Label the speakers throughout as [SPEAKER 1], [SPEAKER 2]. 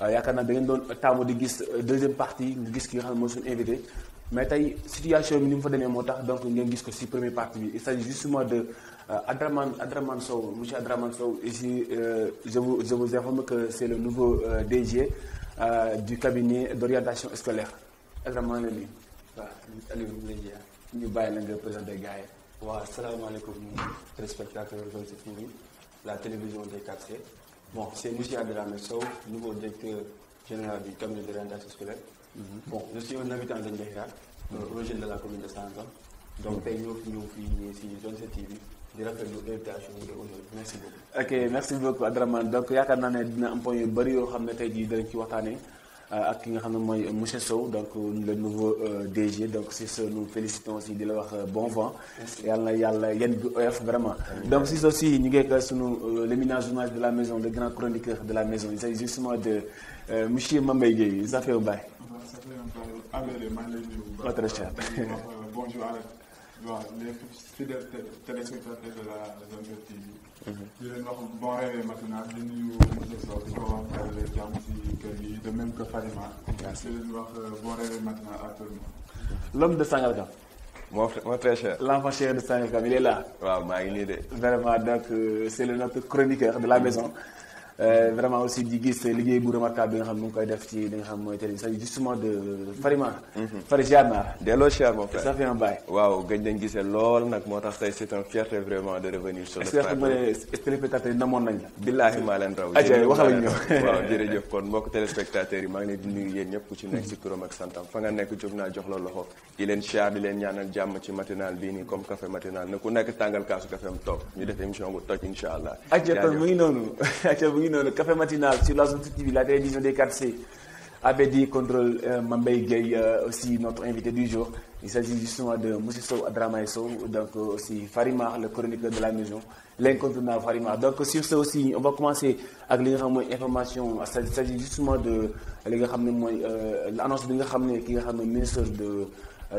[SPEAKER 1] Euh, yaakaar naa da ngeen doon taamu di gis euh, deuxième partie nga gis ki nga xam ne mooy suñu invité mais tey situation bi ni mu fa demee moo tax donc ngeen gis ko si première partie bi il s'agit justement de euh, Adraman Adraman Sow monsieur Adraman Sow ici je vous je vous informe que c'est le nouveau DG du cabinet d'orientation scolaire Adraman la oui
[SPEAKER 2] waaw Aliou ñu ngi lay ñu bàyyi la nga présenté gars waaw de la télévision des 4C Bon, c'est Monsieur Adramé nouveau directeur général du comité de scolaire. Mhm. Bon, je suis un habitant de mhm. euh, de la commune de Sanzan. Donc, nous mhm. ici Zone TV. merci beaucoup.
[SPEAKER 1] ok merci beaucoup Adraman donc il y a un point de qui est ne ak ki nga donc le nouveau DG donc c'est ce nous félicitons aussi de leur bon vent Et vraiment donc c'est aussi ñu ngeek sunu de la maison le grand chroniqueur de la maison il s'agit justement de monsieur Mambay Gueye
[SPEAKER 3] bonjour de la di leen wax bon réveil matinal di nuyu monsieur Sow avec ko wax daal di jàmm de même que Farima. merci di leen wax bon réveil matinal à
[SPEAKER 1] l'homme de Sangalkam. mon mon très cher. l'enfant cher de Sangalkam il est là. waaw maa ngi nii vraiment donc euh, c'est le notre chroniqueur de la mm-hmm. maison. Euh, vraiment aussi digiste gis bu remarquable bi nga xam ne mu koy def ci li nga xam moy télé télévision justement de Farima. Fari ziar naa la. mon frère ça fait un bail.
[SPEAKER 4] waaw gëj nañ gissé lool nak motax tay c'est un fierté vraiment de revenir sur le plateau.
[SPEAKER 1] est-ce que téléspectateurs yi namoon nañ la. billahi ma len raw. ayca waxal ñu waaw jërëjëf
[SPEAKER 4] kon mbokk téléspectateurs yi ma ngi di nuyu yéen ñëpp ku ci nekk ci Chrome ak santam fa nga nekk jóg naa jox la loxo di len ziar di len ñaanal jamm ci matinal bi ni comme café matinal na ku nekk tangal kaasu café am top ñu def émission bu toj incha allah. ayca mu
[SPEAKER 1] ngi noonu Le café matinal sur la zone TV la télévision des 4C dit contre euh, Mambay euh, aussi notre invité du jour il s'agit justement de Monsieur So donc euh, aussi Farima le chroniqueur de la maison l'incontournable Farima donc sur ce aussi on va commencer à les informations. il s'agit justement de euh, l'annonce de l'annonce l'annonce de nga ministre de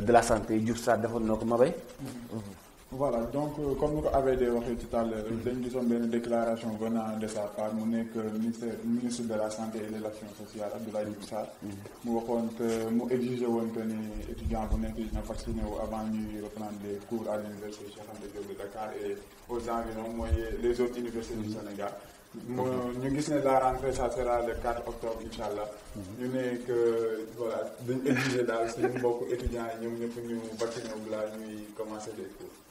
[SPEAKER 1] de la santé Diouf Sarr
[SPEAKER 3] voilà donc euh, comme nous ko dit tout à l'heure mm-hmm. nous avons une déclaration venant de sa part Nous sommes le ministre de la santé et de l'action sociale Abdoulaye Diouf Nous mm-hmm. mu exigé que mu étudiants woon que ni étudiants avant de reprendre des cours à l'université de Dakar et aux environs les autres universités du mm-hmm. Sénégal Nous avons dit la rentrée ça sera le 4 octobre Inch'Allah. nous ñu ne que euh, voilà dañ étudiants yi ñoom ñu vacciné commencer les cours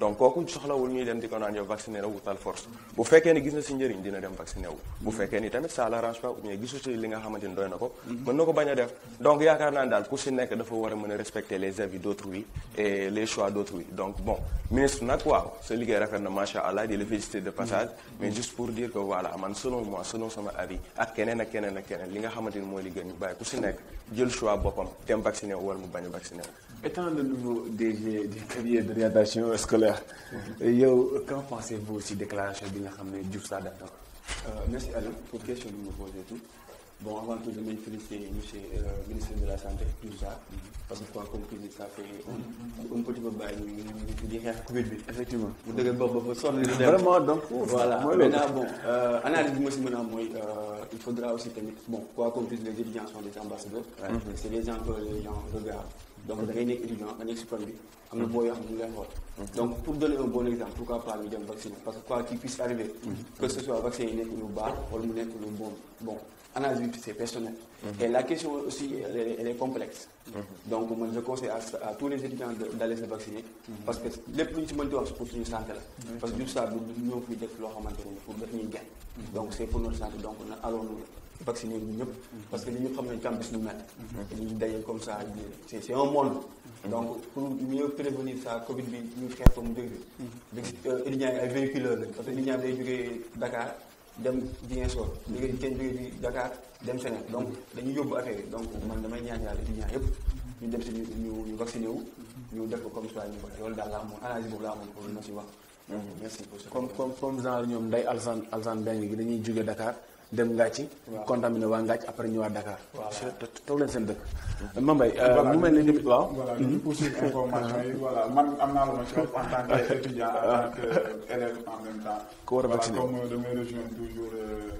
[SPEAKER 4] donc kooku soxlawul ñuy dem di ko naan yow vacciné wu tal force bu fekkee ni gis na si njëriñ dina dem vacciné wu bu fekkee ni tamit ça l'arrange pas ou bien gisu si li nga xamante ni doy na ko mën na ko Donc il def donc quand même dans ku si que dafa pouvoir a respecter les avis d'autrui et les choix d'autrui donc bon ministre n'a quoi sa liggéey rafet na macha allah di la féliciter de passage mm-hmm. mais juste pour dire que voilà man selon moi selon sama avis ak keneen ak keneen ak keneen li nga xamante ni mooy li gën ñu bàyyi ku je
[SPEAKER 1] choix choisis dem vacciné wu wala mu bañ vacciné étant le nouveau DG du cabinet de réadaptation scolaire mhm. qu'en pensez-vous aussi déclaration bi nga de la famille Sarr def
[SPEAKER 2] euh, merci Alain pour question vous me posez tout. Bon, avant tout, je vais féliciter M. le ministre de la Santé, tout ça, parce que quand comme tu dis, ça fait un, mm-hmm. petit peu bail, il y a Covid, effectivement. Vous devez vous sortir de Vraiment, donc, voilà. Maintenant, bon, euh, analyse, moi, c'est maintenant, moi, euh, il faudra aussi, bon, quoi qu'on puisse, les étudiants sont des ambassadeurs, mm-hmm. c'est les gens que les gens regardent. Donc, da ngay nekk étudiant da nekk si famille am na mm-hmm. on ne ñu ngi donc pour donner un bon exemple pourquoi pas ñu dem vacciner parce que quoi qu'il puisse arriver. que ce soit vaccin yi nekk lu baax wala mu nekk lu bon bon analyse c'est personnel. Mhm. Et la question aussi, elle, est, complexe. Mhm. Donc, moi, je conseille à, tous les étudiants d'aller se vacciner. Mhm. Parce que les plus de doivent se poursuivre santé. Parce que juste ça, nous avons plus nous, nous, pour nous. nous, Donc, c'est pour notre santé. Donc, allons-nous vacciner Parce que nous sommes campus nous mettre. D'ailleurs, comme ça, c'est un monde. Donc, pour mieux prévenir ça, Covid, nous faisons comme deux. Il y a un véhicule. Parce qu'il y a un Dakar. dem Ziguinchor jógee kenn jógee bi Dakar dem Sénégal donc dañuy yóbbu affaire yi donc man damay ñaan yàlla étudiant yëpp ñu dem si ñu ñu vacciné wu ñu def ko comme ça ñu ko loolu daal laa amoon analyse boobu laa amoon pour ma si wax mm-hmm. merci pour comme comme comme genre ñoom nday Alsane Alsane Bengue gi
[SPEAKER 1] dañuy jóge Dakar dem Ngathie. waaw contaminé waa Ngathie après ñëwaat Dakar. voilà toog leen seen dëkk.
[SPEAKER 5] Mambay mu mel ni waaw. voilà ñu mhm. poursuivre information yi voilà man am naa la ma ci wax en tant que étudiant en tant que
[SPEAKER 3] élève en même ku war a vacciné voilà comme damay rejoindre toujours euh,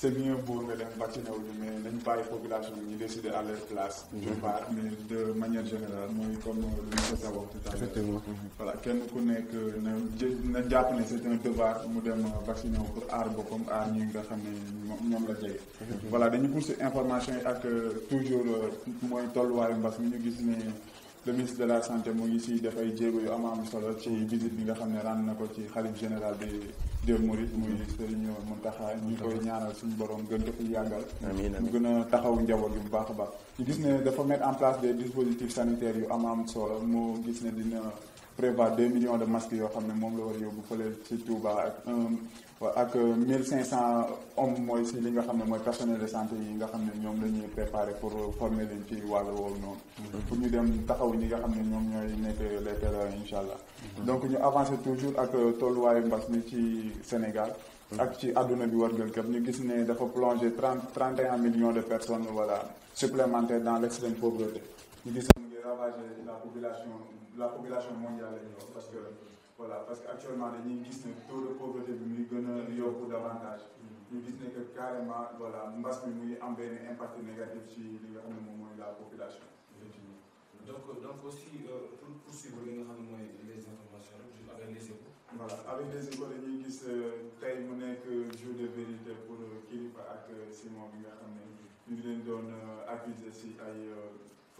[SPEAKER 3] c'est bien beau nga leen vacciné mais nañ bàyyi population bi ñu à leur place. Mhm. je parle mais de manière générale mooy comme lu ñu ko wax tout à l'heure mhm. voilà kenn ku nekk euh, na na jàpp ne c'est un devoir mu dem euh, vacciné pour aar boppam aar ñi nga xam ne la jege. voilà dañu pousser information yi ak euh, toujours mooy tolluwaayu mbas mi ñu gis ne. le ministre de la santé mu ngi si def ay jéego yu am am solo ci visite bi nga xam ne rànd na ko ci xarit général bi de Mouride muy Serigne Mountakha ñu koy ñaanal suñu borom gën ko fi yàggal mu gën a taxaw njaboot gi bu baax a baax ñu gis ne dafa mettre en place des dispositifs sanitaires yu am am solo mu gis ne dina prévoir 2 millions de masques yo xamné mom la war a yóbbu fële ci Touba ak euh, ak 1500 hommes moy ci li nga xamné moy personnel de santé yi nga xamné ñom ñoom préparer pour former leen ci wàllu woowu non mhm. pour ñu dem taxaw ñi nga xamné ñom ñoy ñooy nekk les pèlerins inshallah mhm. donc ñu avancer toujours ak euh, tolluwaayu mbass ni ci Sénégal. Mhm. ak ci aduna bi wargal këpp ñu gis ne dafa plonger 30 31 millions de personnes voilà supplémentaires dans l'extrême pauvreté ñu gis ne mu ngi la population la population mondiale parce que voilà parce que actuellement dañuy gis ne taux de pauvreté bi beaucoup gën davantage Ils disent que carrément voilà mbas mi muy am un impact négatif ci li nga la population donc donc aussi euh, pour poursuivre li nga les informations avec les échos. voilà avec les échos dañuy gis euh, tey mu que jour de vérité pour qu'ils et euh, Simon nga xam ne ñu ngi euh, accusés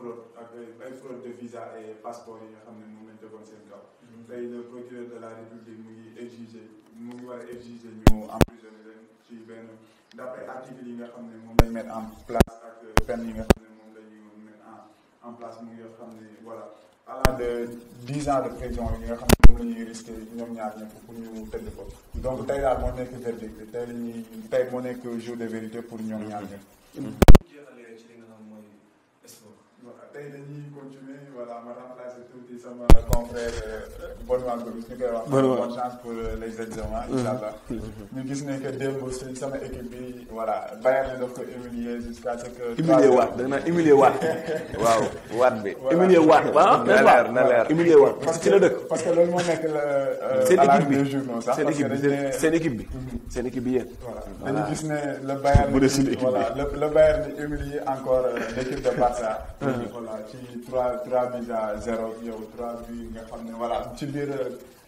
[SPEAKER 3] fraude ak euh, ay fraude de visa et passeport yi nga xam ne moom lañ tegoon seen kaw. Mhm. tey le procureur de la république mu ngi exiger mu ngi war a exiger ñu emprisonné leen ci benn d'après article yi nga xam ne moom lañ mettre en place ak euh, peine yi nga xam ne moom la mettre en en place mu ngi nga xam ne voilà allant de dix ans de prison yi nga xam ne moom la ñuy risqué ñoom ñaar ñëpp pour ñu tëdd ko
[SPEAKER 5] donc tey daal moo nekk verdict bi tey la ñuy tey moo nekk jour de vérité pour ñoom ñaar ñëpp. Mhm
[SPEAKER 3] voilà parce que le le encore euh, mhm. voilà ci trois trois buts à zéro ci biir.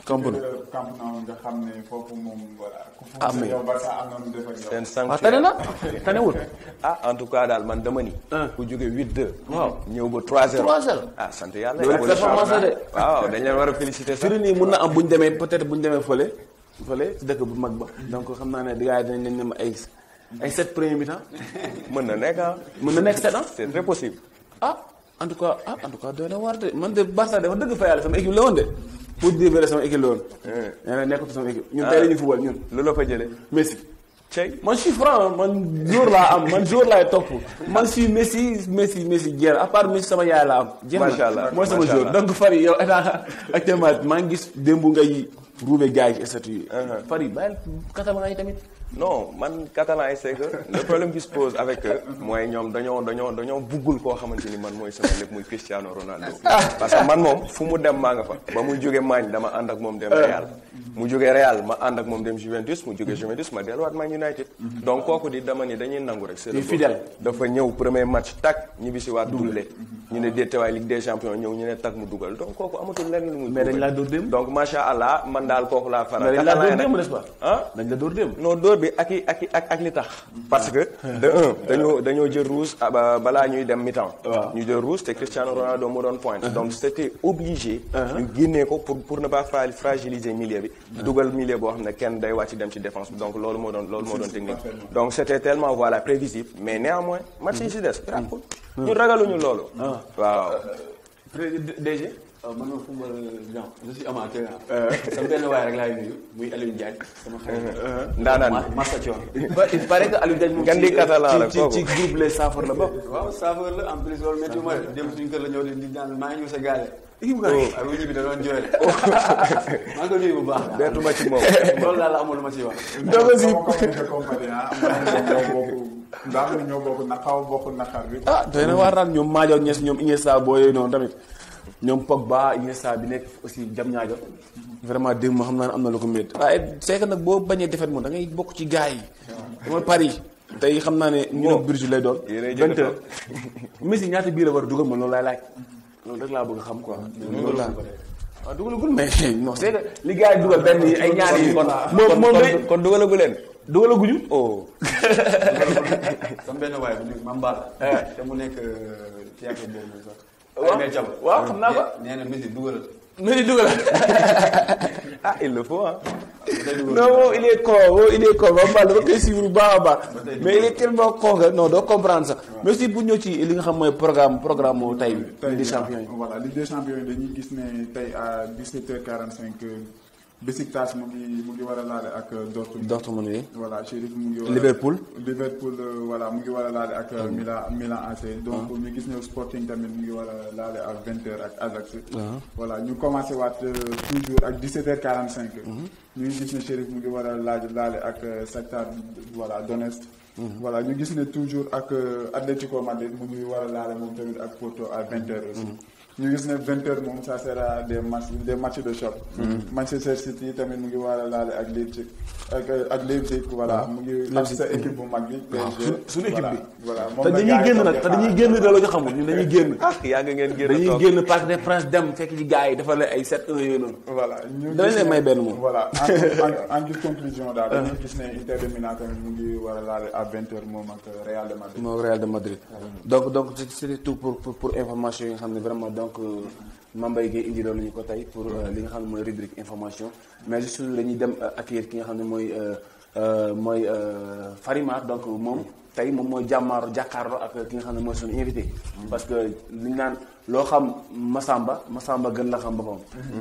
[SPEAKER 3] camp nou xam ne foofu moom voilà. amee ku am na mu def ak yow. seen ah, tane na tanewul.
[SPEAKER 4] ah en tout cas daal man dama ni. ku jóge 8-2. waaw ñëw ba 3-0 ah sant yàlla. loolu performance la de. waaw dañ leen war a féliciter sax. firi mun na am bu ñu
[SPEAKER 1] demee peut-être bu ñu demee fële. fële ci dëkk bu mag ba. donc xam naa ne gars yi dinañ leen dem ay ay sept premiers mi na nekk ah. mën na nekk sept ah. c'est très possible ah. en tout cas ah en tout cas doy na waar de man de Barça dëgg fa yàlla sama équipe la woon de pour dire vrai sama équipe la woon. nee eh. eh, na nekkatu sama équipe. ñun ah. tey la ñu football ñun. loolu la fa jëlee Messi. Cey man je suis franc man jour laa am man jour laay topp man si Messi Messi Messi jeex part Messi sama yaay laa am. macha allah mooy sama jour donc Fary yow état actuellement maa ngi gis démb ngay ruube gars yi ci statut yi. Uh-huh. Fary bàyyil 80 yi tamit. non man catalan yi c'est que le problème qui se pose
[SPEAKER 4] avec eux mooy ñoom dañoo dañoo dañoo buggul koo xamante ni man mooy sama lépp muy Cristiano Ronaldo ah, parce que man moom fu mu dem maa nga fa ba mu jóge Magne dama ànd ak moom dem Real mu jóge Real ma ànd ak moom dem Juventus mu jóge Juventus ma delluwaat Man United mhm. donc kooku di dama ni dañuy nangu rek c'est fidèle dafa ñëw premier match tak ñibbi si waat doublé mhm. ñu ne déetewaay Ligue des Champions ñëw ñu ne tak mu dugal donc kooku amatul lenn lu muy mais dañ la dóor dem donc macha allah man daal kooku laa faral dañ la dóor dem n'est-ce pas ah dañ la dóor dem non dóor l'état parce que de un nous avons à rouge ah, de mi-temps. nous de rouge c'est Cristiano Ronaldo point. Uh-huh. donc c'était obligé. Uh-huh. ñu guinée pour ne pas fragiliser milieu uh-huh. double milieu défense donc l'autre technique. donc c'était tellement voilà prévisible mais néanmoins
[SPEAKER 5] match Nous regardons. ñu
[SPEAKER 2] Euh, man ma Koumba Dian je suis amateur ah. sama benn muy Aliou Ndiaye sama xarit. Uh-huh. ndaanaan Massa Thion. il paraît que Aliou Ndiaye moom ci ci ci groupe les saafara la waaw saafara la en ma de dem suñu kër di ñaan maa ngi ñëw sa gaale. kii mu ngi ak bi da doon jooyal. Oh. maa ngi ko nuyu bu baax. bettu ma ci moom. loolu daal la amul lu ma ciy wax.
[SPEAKER 3] dama si ah, ndax ñoo bokk na xaw bokk naqar bi. ah doy na waar
[SPEAKER 1] daal ñoom Maadio ñoom Iniesta boo yooyu noonu tamit ñoom Pogba Iniesta bi nekk aussi jam ñaajo vraiment dégg ma xam naa ne am na lu ko métti waaye c'est que nag boo bañee defet moom da ngay bokk ci gaa yi dama Paris tey xam naa ne ñu ne Bruges lay doon vingt heures Messi ñaata biir war a dugal ma loolu laay laaj loolu rek laa bëgg xam quoi loolu laa waaw ah, dugalagul mais non li gars yi dugal ah, benn yi ay ñaar yi kon moom moom lay leen dugalaguñu oh
[SPEAKER 2] sama benn waay bu eh. te mu nekk euh, théâtre boobu sax waaw est xam naa ko nee ah il le faut hein
[SPEAKER 1] non oh, il est con oh, il est con ba dama le suivre mais il est tellement con que non doo comprendre ça. Monsieur bu il est li nga xam programme
[SPEAKER 3] programme au tey des champions voilà les des champions yi dañuy à 17h45. Besiktas mu ngi mu ngi war ak euh, Dortmund. Dortmund oui voilà Sheriff mu ngi. war Liverpool. Liverpool euh, voilà mu ngi war ak. Euh, Milan Milan AC. donc ah. ñu gis ne Sporting tamit mu ngi war a ak 20h ak Ajax. Ah. voilà ñu commencé wat toujours ak 17h45. Mhm. ñu ngi gis ne Sheriff mu ngi war ak Shakhtar voilà Donetsk. Mhm. voilà ñu gis ne toujours ak Atletico Madrid mu ngi war mom tamit ak Porto à 20h aussi. Mhm ñu gis ne 20 heures moom ça sera des matchs des matchs de choc. Mm-hmm. Manchester City tamit mu ngi war a ak Leipzig ak ak Leipzig voilà mu ngi. ak sa équipe bu mag bi. PSG suñu équipe bi.
[SPEAKER 1] voilà moom te dañuy génn nag te dañuy
[SPEAKER 3] génn de la ñu xamul ñun dañuy génn.
[SPEAKER 1] ah yaa ngi ngeen génn dañuy génn Parc des France dem fekk ci gars yi dafa la ay 7 1 yooyu noonu. voilà ñu dañ lay may benn moom. voilà en
[SPEAKER 3] en en conclusion daal ah. dañuy gis ne Inter de Milan tamit mu ngi war a à 20 heures moom ak Real de Madrid. moom Real de Madrid
[SPEAKER 1] donc donc c'est tout pour pour information yi nga xam ne vraiment donc. donc euh, Mame Mbaye Guèye indi loolu ñu ko tey pour euh, li nga xam ne mooy rubrique information mais juste dañuy dem ak euh, accueillir ki nga xam ne mooy mooy Farimar donc moom. tay suis mooy jàmmaaro ak ki nga xamne mo invité. parce que li nane lo xam Masamba Masamba gën la xam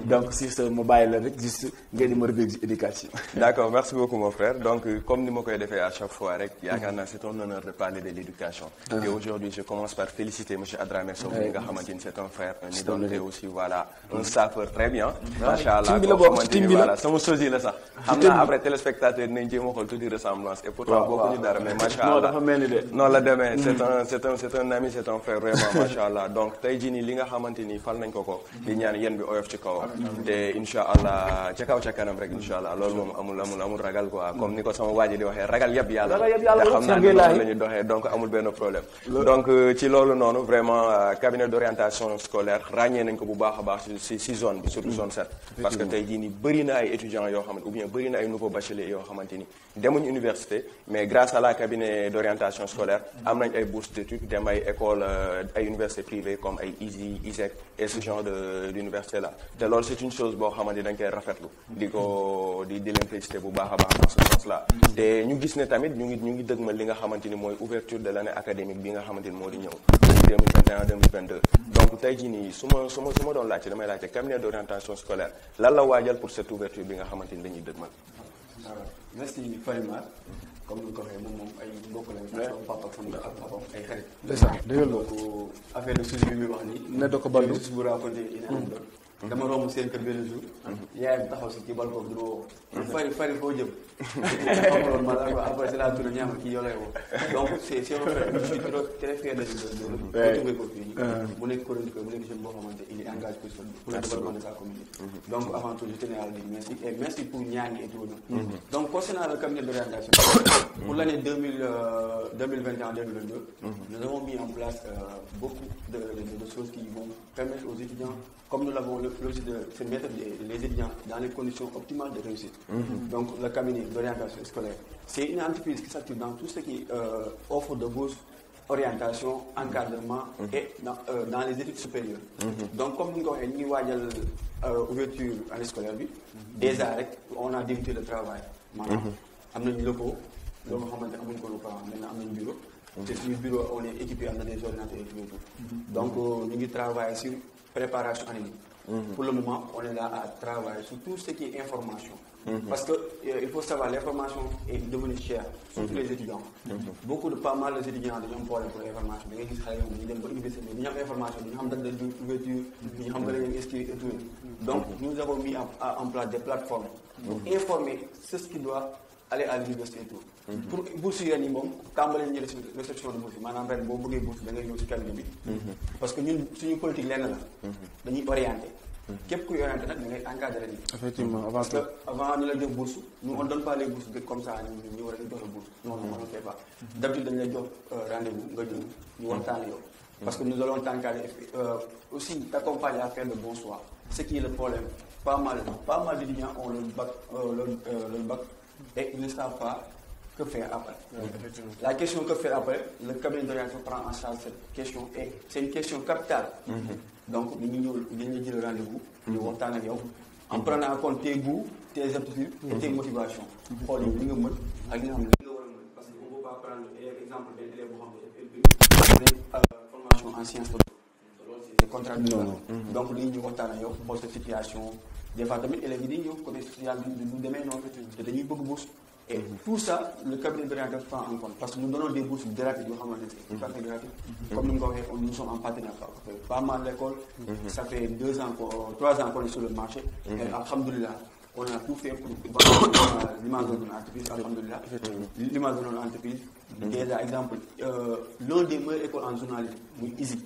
[SPEAKER 1] donc si sa mu bàyyi la rek juste ngay di ma D'accord, éducation.
[SPEAKER 4] d'accord merci beaucoup mon frère donc comme ni ma koy à chaque fois rek. yaakaar c'est un honneur de parler de l'éducation. Ah. et aujourd'hui je commence par féliciter monsieur Adramé Sow nga un frère. un idole aussi voilà un sapeur très bien. macha allah koo xamante ni voilà sama sosie la sax. xam après téléspectateur nous avons a xool ressemblances. ressemblance et pourtant ñu dara mais macha
[SPEAKER 1] mel ni de non la demee mm-hmm. c'est un
[SPEAKER 4] c'est un c'est un ami c'est un frère vraiment machallah donc Tayjini jii li nga xamanteni fal nañ ko ko di ñaan yeen bi oyof ci kaw té inshallah ci kaw ci kanam rek inshallah loolu amul amul amul ragal quoi mm-hmm. comme niko sama waji di waxe ragal yëpp yalla te xam naa ne la ñu doxee donc amul beno problème donc euh, ci loolu nonu vraiment euh, cabinet d'orientation scolaire ràññee nañ ko bu baaxa baax si si zone bi surtout mm-hmm. zone 7 parce que Tayjini jii nii na ay étudiants yo xamanteni ou bien bëri na ay nouveaux bacheliers yo xamanteni mon université mais grâce à la cabinet d'orientation scolaire am nañ ay bourses d'études dem ay école euh, ay université privée comme ay ISI ISEC et ce genre de d'université là te loolu c'est une chose boo xamante dañ koy rafetlu di ko di di leen bu baax baax dans ce sens là te ñu gis ne tamit ñu ngi ñu ngi dëgmal li nga xamante ni mooy ouverture de l'année académique bi nga xamante ni moo di 2021 2022 donc tey jii nii su ma su ma su ma doon laajte damay laajte cabinet d'orientation scolaire lan la waajal pour cette ouverture bi nga xamante ni dañuy dëgmal
[SPEAKER 2] merci Farimar comme ni nga ko waxee moom moom ay mbokk lañ. sama papa ak sama ak papam ay xarit. dëgg la dëgg la donc affaire de sujet bi muy wax nii. ne doo ko bal bu raconté une anecdote hmm. dama romb seen kër benn jour. yaayam taxaw si ci balcon bi du ma woo. Mhm. fari fari foo jëm. xamaloon ma la après c'est la tournée ñaama kii yoo lay woo donc c'est c'est très fier de lui ko fii mu nekk chroniqueur mu nekk jeune boo xamante il est engagé pour pour le développement de sa communauté. Mhm. donc avant tout je tenais à dire merci et merci pour Niani et tout mhm. donc concernant le cabinet de rédaction pour l'année 2000 2021 2022 nous avons mis en place euh, beaucoup de, de, de choses qui vont permettre aux étudiants, comme nous l'avons projet de c'est mettre les, étudiants dans les conditions optimales de réussite. Mhm. Donc le cabinet d'orientation scolaire, c'est une entreprise qui s'active dans tout ce qui euh, offre de bourses, orientation, encadrement mhm. et euh, dans, les études supérieures. Mhm. Donc comme nous avons une ouverture à l'école scolaire, déjà on a débuté le travail. Maintenant, on a des locaux, donc on a un bureau sur le bureau on est équipé en des ordinateurs et tout mhm. donc on euh, travaille sur sur préparation mhm. pour le moment on est là à travailler sur tout ce qui est information mhm. parce qu'il euh, faut savoir l'information est devenue chère surtout les étudiants beaucoup de pas mal d'étudiants étudiants ont pour l'information Ils ngay gis xale Ils ont information de donc nous avons mis en place des plateformes pour informer ce qui doit aller à l'université et tout. Mhm. pour bourse ren yi moom tàmbali nañu si réception de bourse manam maanaam ren boo bëggee bourse da ngay ñëw ci cabinet bi. Mhm. parce que ñun suñu politique lenn la. Mhm. dañuy orienté. képp kuy orienté nag da ngay encadré nit. effectivement avant que avant ñu la jox bourse nous on donne pas les bourses de comme ça ñu ñu war a jox la bourse. non non on fait pas. d'habitude dañ lay jox euh, rendez-vous nga jël ñu waxtaan yow. parce que nous allons t'encadrer euh, aussi t'accompagner à faire de bons choix. ce qui est le problème pas mal pas mal d'étudiants ont le bac euh, le bac et ils ne savent pas que faire après. La question que faire après, le cabinet de réaction prend en charge cette question et c'est une question capitale. Mhm. Donc, nous avons dit le rendez-vous, nous avons mhm. en mhm. prenant en compte tes goûts, tes aptitudes et tes motivations. Parce qu'on ne peut pas prendre l'exemple d'un élève formation en sciences. C'est contradictoire. Donc, nous avons pour cette situation des fois tamit élèves yi dañuy ñëw côté social du du demee noonu te beaucoup de bourse et mhm. tout ça le cabinet de prend en compte parce que nous donnons des bourses gratuites yoo xamante ne à mhm. Mhm. comme nous mu ko nous sommes en partenariat pas mal l'école ça fait deux ans trois ans qu'on est sur le marché et alhamdoulilah on a tout fait pour euh, l'image de notre entreprise, alhamdoulilah. L'image de notre entreprise, déjà, exemple, euh, l'un des meilleurs écoles en journalisme, oui, ISI,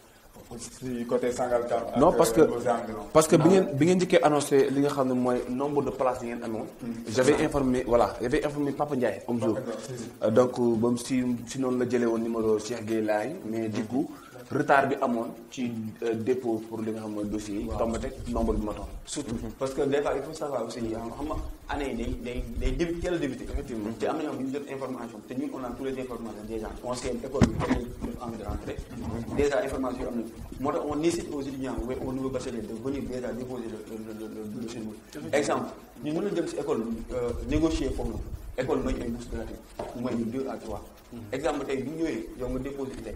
[SPEAKER 3] non parce que euh, parce que bi
[SPEAKER 1] bien dit ngeen annoncé li nga xamné moy nombre de places yi ngeen amoon.
[SPEAKER 3] Mm.
[SPEAKER 5] j'avais
[SPEAKER 1] informé voilà j'avais informé Papa Ndiaye. am jour euh, donc euh, bam si si la jëlee won numéro Cheikh Gueye mais du coup retard bi amone ci
[SPEAKER 2] euh, dépôt pour li nga xam mooy dossier yi. tomb teg nombre bi ma toll. surtout parce que des fois il faut savoir aussi hein, xam nga année yi day day day teel a débuté effectivement. te am na ñoo ñu jot information te ñun on a tous les informations déjà on sait école bi xam nañ envie de rentrer. déjà information am na moo tax on incite aux étudiants ou aux nouveaux bacheliers de venir déjà déposer le le dossier exemple ñu mën a dem si école euh, négocier foofu école may ay bourses gratuites mooy deux à trois. Hmm. exemple tey bu ñëwee yow nga déposer tey.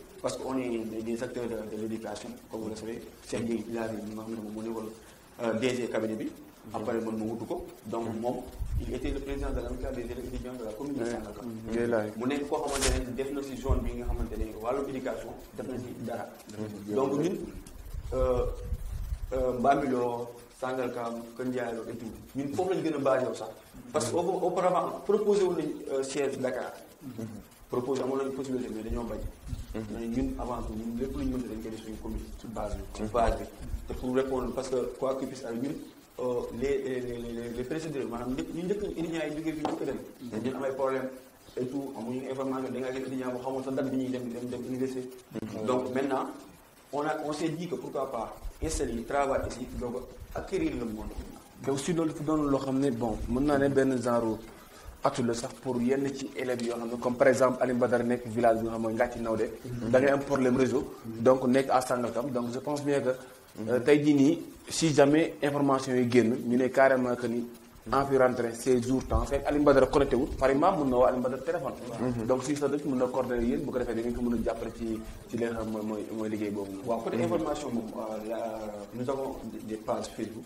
[SPEAKER 2] parce que est des acteurs de, de l'éducation, comme vous le savez. Cheikh bi xam ne moom moo nekkoon DG cabinet bi. après man ma wutu ko. donc moom il était le président de l'amicale des élèves étudiants de la commune de Sangalkam. Mm-hmm. mu nekk koo xamante def na si zone bi nga xamante ne wàllu éducation def na si dara. Mm-hmm. donc ñun euh, euh, Bambilor Sangalkam Kër Ndiaye et tout ñun foofu lañ gën a basé sax. parce que auparavant proposé woon nañ euh, siège Dakar. Mm-hmm. proposer à mon possibilité mais de bañ. ñun avant tout ñun lepp commune base pour répondre parce que quoi que puisse euh, les les les précédents ñu mm-hmm. problème et tout information mm-hmm. donc maintenant on a on s'est dit que pourquoi pas installer travail ici donc acquérir le monde. donc aussi
[SPEAKER 1] bon atout la sax pour yenn ci élèves yoo xam ne comme par exemple Alim Badar nekk village bi nga xam mooy Ngàcci Nawde mhm. da ngay am problème réseau mhm. donc nekk à Sangalkam donc je pense bien que mhm. euh, tey jii nii si jamais information yi génn ñu ne carrément que ni en fi rentré ces jours temps fekk Alim Badar connecté wut par exemple mën na woo téléphone donc
[SPEAKER 2] si sa def mën na coordonné yéen bu ko defee dinañ ko mën a jàppale ci ci li nga xam mooy mooy liggéey boobu waaw côté information moom euh, nous avons des pages Facebook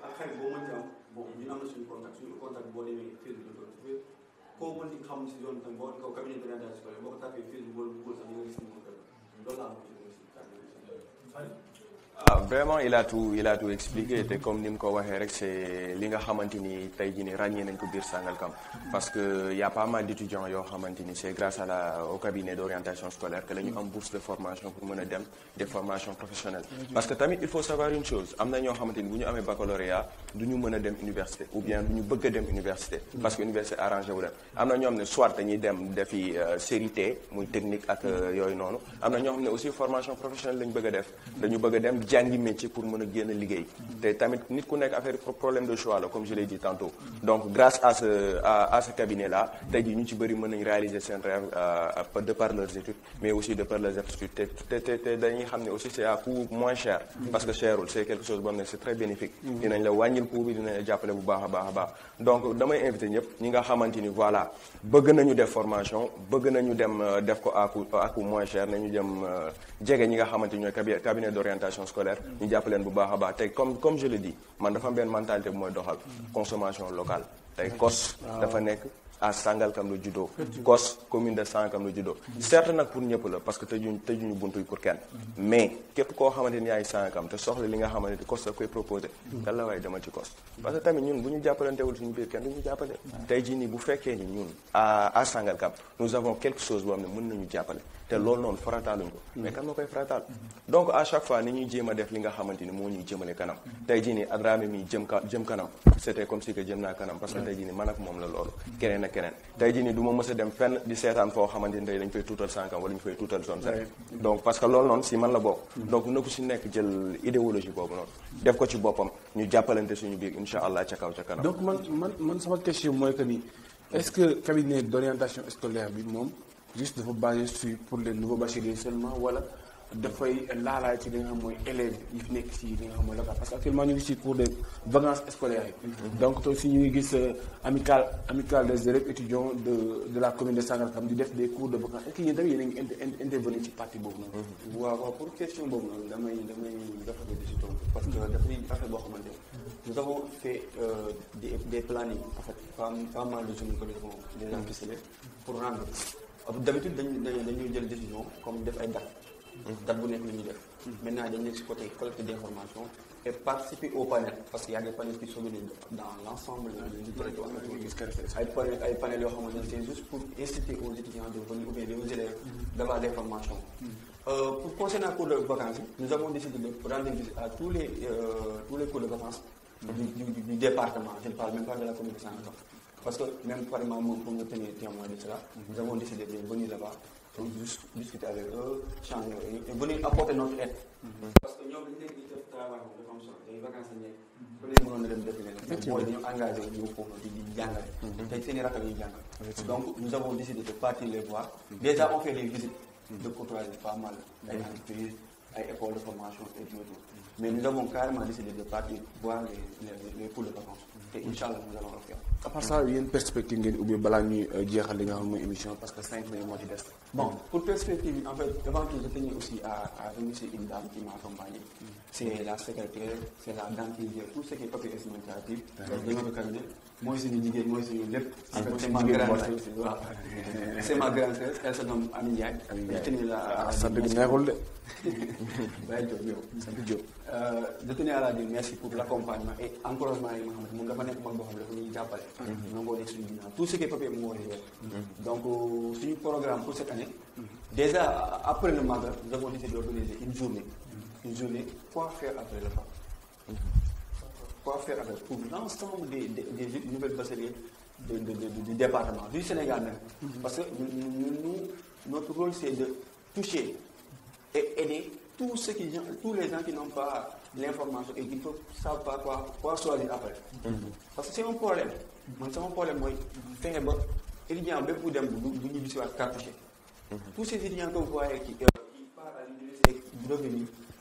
[SPEAKER 2] xarit boo mën ci am bon ñun am na suñu contact suñu contact boo demee Facebook ko trouvé koo mën di xam si yoon tam boo ko cabinet de réorientation boo ko tapee Facebook boo ko Google sax ñu nga gis ñu ko loolu laa am
[SPEAKER 5] ci
[SPEAKER 4] ah vraiment il a tout il a tout expliqué te comme n'im ko rek c'est li nga xamante ni ragné jii nii nañ ko parce que y a pas mal d'étudiants yo xamanteni c'est grâce à la au cabinet d'orientation scolaire que lañu am bourse de formation pour mën dem des formations professionnelles parce que tamit il faut savoir une chose amna ño xamanteni buñu amé baccalauréat duñu ñu dem université ou bien duñu bëgg dem université parce que université arrangé wu amna ño na ñoo xam soit dañuy dem defi euh, série T muy technique ak euh, yooyu noonu am na ñoo aussi formation professionnelle lañu bëgg def dañu bëgg dem jàngi métier pour mën guen liguey liggéey tamit nit ku nek affaire problème de choix la comme je l'ai dit tantôt donc grâce à ce à, ce cabinet là tay di ñu ci bëri c'est réaliser sen rêve euh, de par leurs études mais aussi de par leurs aptitudes té te dañuy aussi c'est à coût moins cher parce que cherul c'est quelque chose bon c'est très bénéfique dinañ la wàññil coût bi dinañ la bu baax a baax donc damay inviter ñep ñi nga voilà bëgg nañu def formation bëgg nañu dem euh, def ko à coût à coût moins cher nañu dem euh, jege ñi nga xamante cabinet d'orientation scolaire scolaire ñu jàppaleen bu baax a baax tey comme comme je le dis man dafa am benn mentalité bu mooy doxal consommation locale tey kos dafa nekk à Sangalkam la juddoo kos commune de Sangalkam la juddoo certes nag pour ñëpp la parce que tëjuñ tëjuñu buntuy pour kenn mais képp koo xamante ni yaay Sangalkam te soxla li nga xamante ni kos la koy proposé kan la waaye dama ci kos parce que tamit ñun bu ñu jàppalantewul suñu biir kenn du ñu jàppale tey jii nii bu fekkee ni ñun à à Sangalkam nous avons quelque chose boo xam ne mën nañu jàppale te lool noonu farataaluñ ko mm-hmm. mais kan moo koy farataal mm-hmm. donc à chaque fois ni ñuy jéem a def li nga xamante ni moo ñuy jëmale kanam mm-hmm. tey jii nii Adrame mi jëm ka jëm kanam c'était comme si que jëm naa kanam parce que tey jii nii man ak moom la loolu keneen ak keneen tey jii nii du ma a dem fenn di seetaan foo xamante ni tey dañ fay tuutal sànkam wala ñu fay tuutal zone donc parce que loolu noonu si man la bokk donc na ku si nekk jël idéologie boobu noonu def ko ci boppam ñu jàppalante suñu biir incha allah ca kaw
[SPEAKER 1] ca kanam donc man man man sama question mooy que ni est-ce que cabinet d'orientation scolaire bi moom juste de basé sur pour les nouveaux bacheliers seulement wala dafay laalaay ci il nga a des élèves qui fi ici ci nga xam parce que actuellement ñu pour des vacances scolaires mhm. donc te aussi ñu ngi euh, amical amical des élèves étudiants de de la commune de Sangalkam di
[SPEAKER 2] def des cours de vacances est-ce que yéen tamit yéen a ngi intervenir ci partie boobu noonu. Mhm. waaw pour question boobu noonu damay damay dafa di ci tontu parce que dafa di affaire mhm. nous avons fait euh, des des plannings en fait pas pas mal de journées que nous avons des pour rendre d'habitude dañu dañuy des décisions, comme des ay date hmm. date bu nekk hmm. maintenant dañ nekk si côté collecte d'informations et participer au panel parce qu'il y a des panels qui sont venus dans l'ensemble du territoire c'est juste pour inciter aux étudiants de venir ou bien aux élèves hmm. d'avoir des Euh, pour concerner les cours de vacances, nous avons décidé de rendre visite à tous les, euh, cours de vacances du, département. Je ne parle même pas de la communauté. de saint parce que même par exemple, pour nous tenir témoin de cela, nous avons décidé de venir là-bas pour discuter avec eux, changer, et venir apporter notre aide. Mhm. Parce que nous avons de travailler de fonction, des vacances nous ne mhm. mënoon na dem engager leneen. mooy dañu mhm. donc nous avons décidé de partir les voir. déjà on fait des visites. de côtoyer pas mal. les entreprises les écoles de formation et tout mais nous avons carrément décidé de partir voir les les les de vacances. Et Inch'Allah, nous allons le faire à part ça
[SPEAKER 1] une perspective où oubliée euh, émission parce que
[SPEAKER 2] 5 mai moi bon pour perspective en fait avant que je aussi à une dame qui m'a accompagné. Mm. c'est la secrétaire c'est la dentiste tout ce qui est de moi, je suis ah, moi c'est ma hein. ah, c'est ma elle se ah, euh, je tenais à la dire merci pour l'accompagnement et encouragement mhm. tout ce qui est papier mhm. donc euh, programme pour cette année. Mhm. déjà après le nous avons d'organiser une journée. quoi faire après le quoi faire avec pour l'ensemble des, nouvelles du département, du Sénégal même. Mhm. Parce que nous, notre rôle, c'est de toucher et aider tous, ceux qui, tous les gens qui n'ont pas l'information et qui ne savent pas quoi, quoi choisir après. Mhm. Parce que c'est un problème. c'est un problème, pour mhm. Tous ces étudiants que vous voyez qui, euh, partent à l'université,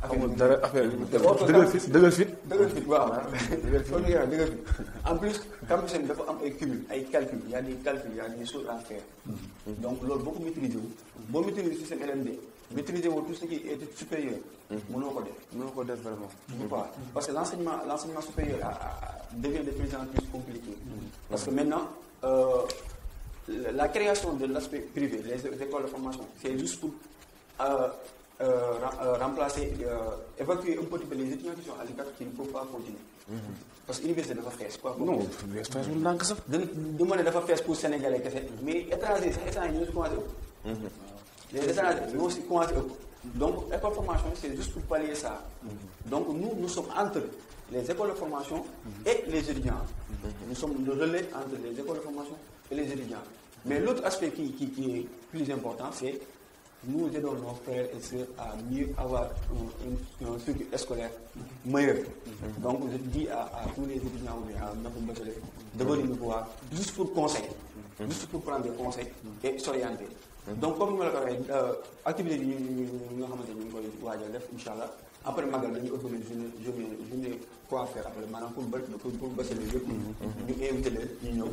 [SPEAKER 2] E e de fit De fit fit en plus quand vous êtes un cumul il calcul y a des calculs y a des mhm. choses à faire donc l'autre beaucoup ko maîtriser wu boo système LMD maîtriser tout ce qui est supérieur. Vous mhm. Monocoder, vraiment pourquoi parce que l'enseignement l'enseignement supérieur ah, ah, ah, devient de plus en plus compliqué mhm. parce que maintenant euh, la création de l'aspect privé les écoles de formation c'est juste pour euh, euh, euh, remplacer euh, évacuer un petit peu les étudiants qui sont à l'école qui ne peuvent pas continuer. Mhm. parce que pas faire c'est quoi. non fees bu ndànk sax. dana du n'a pas fait fees pour sénégalais mais étranger c'est étranger ñoo si mhm. les étrangers nous aussi, commencé l'école donc de formation c'est juste pour pallier ça. Mhm. donc nous nous sommes entre les écoles de formation. et les étudiants. nous sommes le relais entre les écoles de formation et les étudiants. mais l'autre aspect qui qui est plus important c'est nous aidons nos frères et sœurs à mieux avoir un, un, scolaire meilleur. Mhm. Donc, je dis à, tous les étudiants à de venir nous voir juste pour conseil, mhm. juste pour prendre des conseils mhm. et s'orienter. Donc, comme dit, l'activité nous Inch'Allah, après magal suis je journée après je pour pour pour nous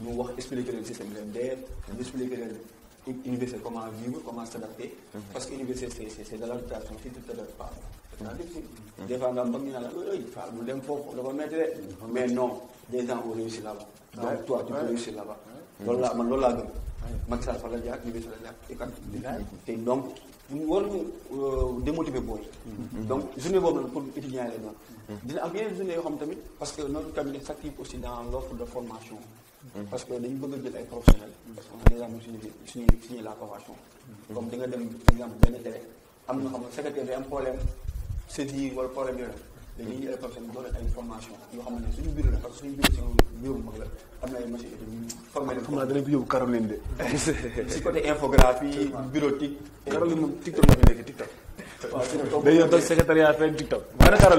[SPEAKER 2] nous expliquer expliquer l'université, comment vivre, comment s'adapter. Parce que l'université, c'est de l'adaptation. Si tu ne t'adaptes pas, c'est difficile. Hum. Des fois, dans le il le Mais non, des gens ont réussi là-bas. Donc toi, tu peux réussir là-bas. Lola, man, lola, là. Maxal Fala Diak, l'université Fala Diak. Et donc, ñu war euh, démotiver booy. Hum. donc journée boobu nag pour étudiants yi lay je hum. dina am yeneen journée yoo xam parce que notre cabinet s'active aussi dans l'offre de formation. Mhm. parce que dañu bëgg a jël ay professionnels. Mhm. par exemple suñu suñu suñu la convention. Mhm. comme di nga dem par exemple benn télé am na xam ne secrétaire day am problème saisie yi wala problème yooyu dañuy jël ay professionnels doon ay formation yoo xam ne suñu biir la parce que suñu biir si biiru mag la am na ay machines yu
[SPEAKER 1] formé leen. xam naa danañ ko yóbbu Caroline de. si côté
[SPEAKER 2] infographie bureautique. Caroline moom TikTok moo fi nekk TikTok. waaw day toog secrétariat fay TikTok. mën a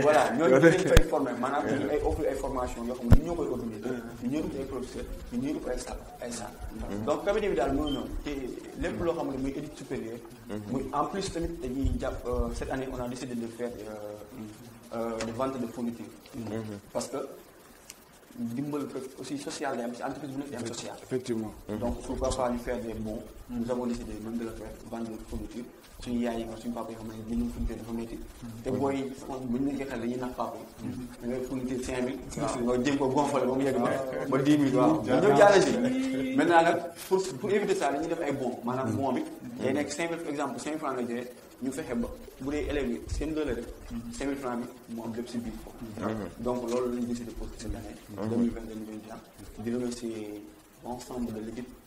[SPEAKER 5] voilà ñooñu ñu leen fay formé
[SPEAKER 2] maanaam ñu ay offrir ay formation yoo xam ne ñoo koy organiser. Hum. ñu ñëw ay professeur ñu ñëw ay salle ay salle. donc cabinet bi daal mooy noonu te lépp loo xam muy étude supérieure. Hum. muy en plus tamit dañuy euh, cette année on a décidé de faire euh, euh, de vente de fourniture. Hum. parce que dimbal aussi social day am ci am social.
[SPEAKER 1] effectivement donc pourquoi
[SPEAKER 2] pas ñu faire des bons. nous avons décidé même de le faire vendre de fourniture. suñu yaay yi ak suñu papa yi xam ne li ñu funte dafa métti mm-hmm. te booy yi bu ñu nekkee xale dañuy nax papa yi mm-hmm. da ngay funte cinq mille six nag pour pour éviter ça dañuy def ay bon maanaam mm-hmm. bon bi day nekk cinq mille par exemple cinq fexe ba bu dee élèves yi seen doole rek mu am si biir donc loolu lañu décidé pour cette année deux vingt deux vingt et un di remercier l'ensemble de l'équipe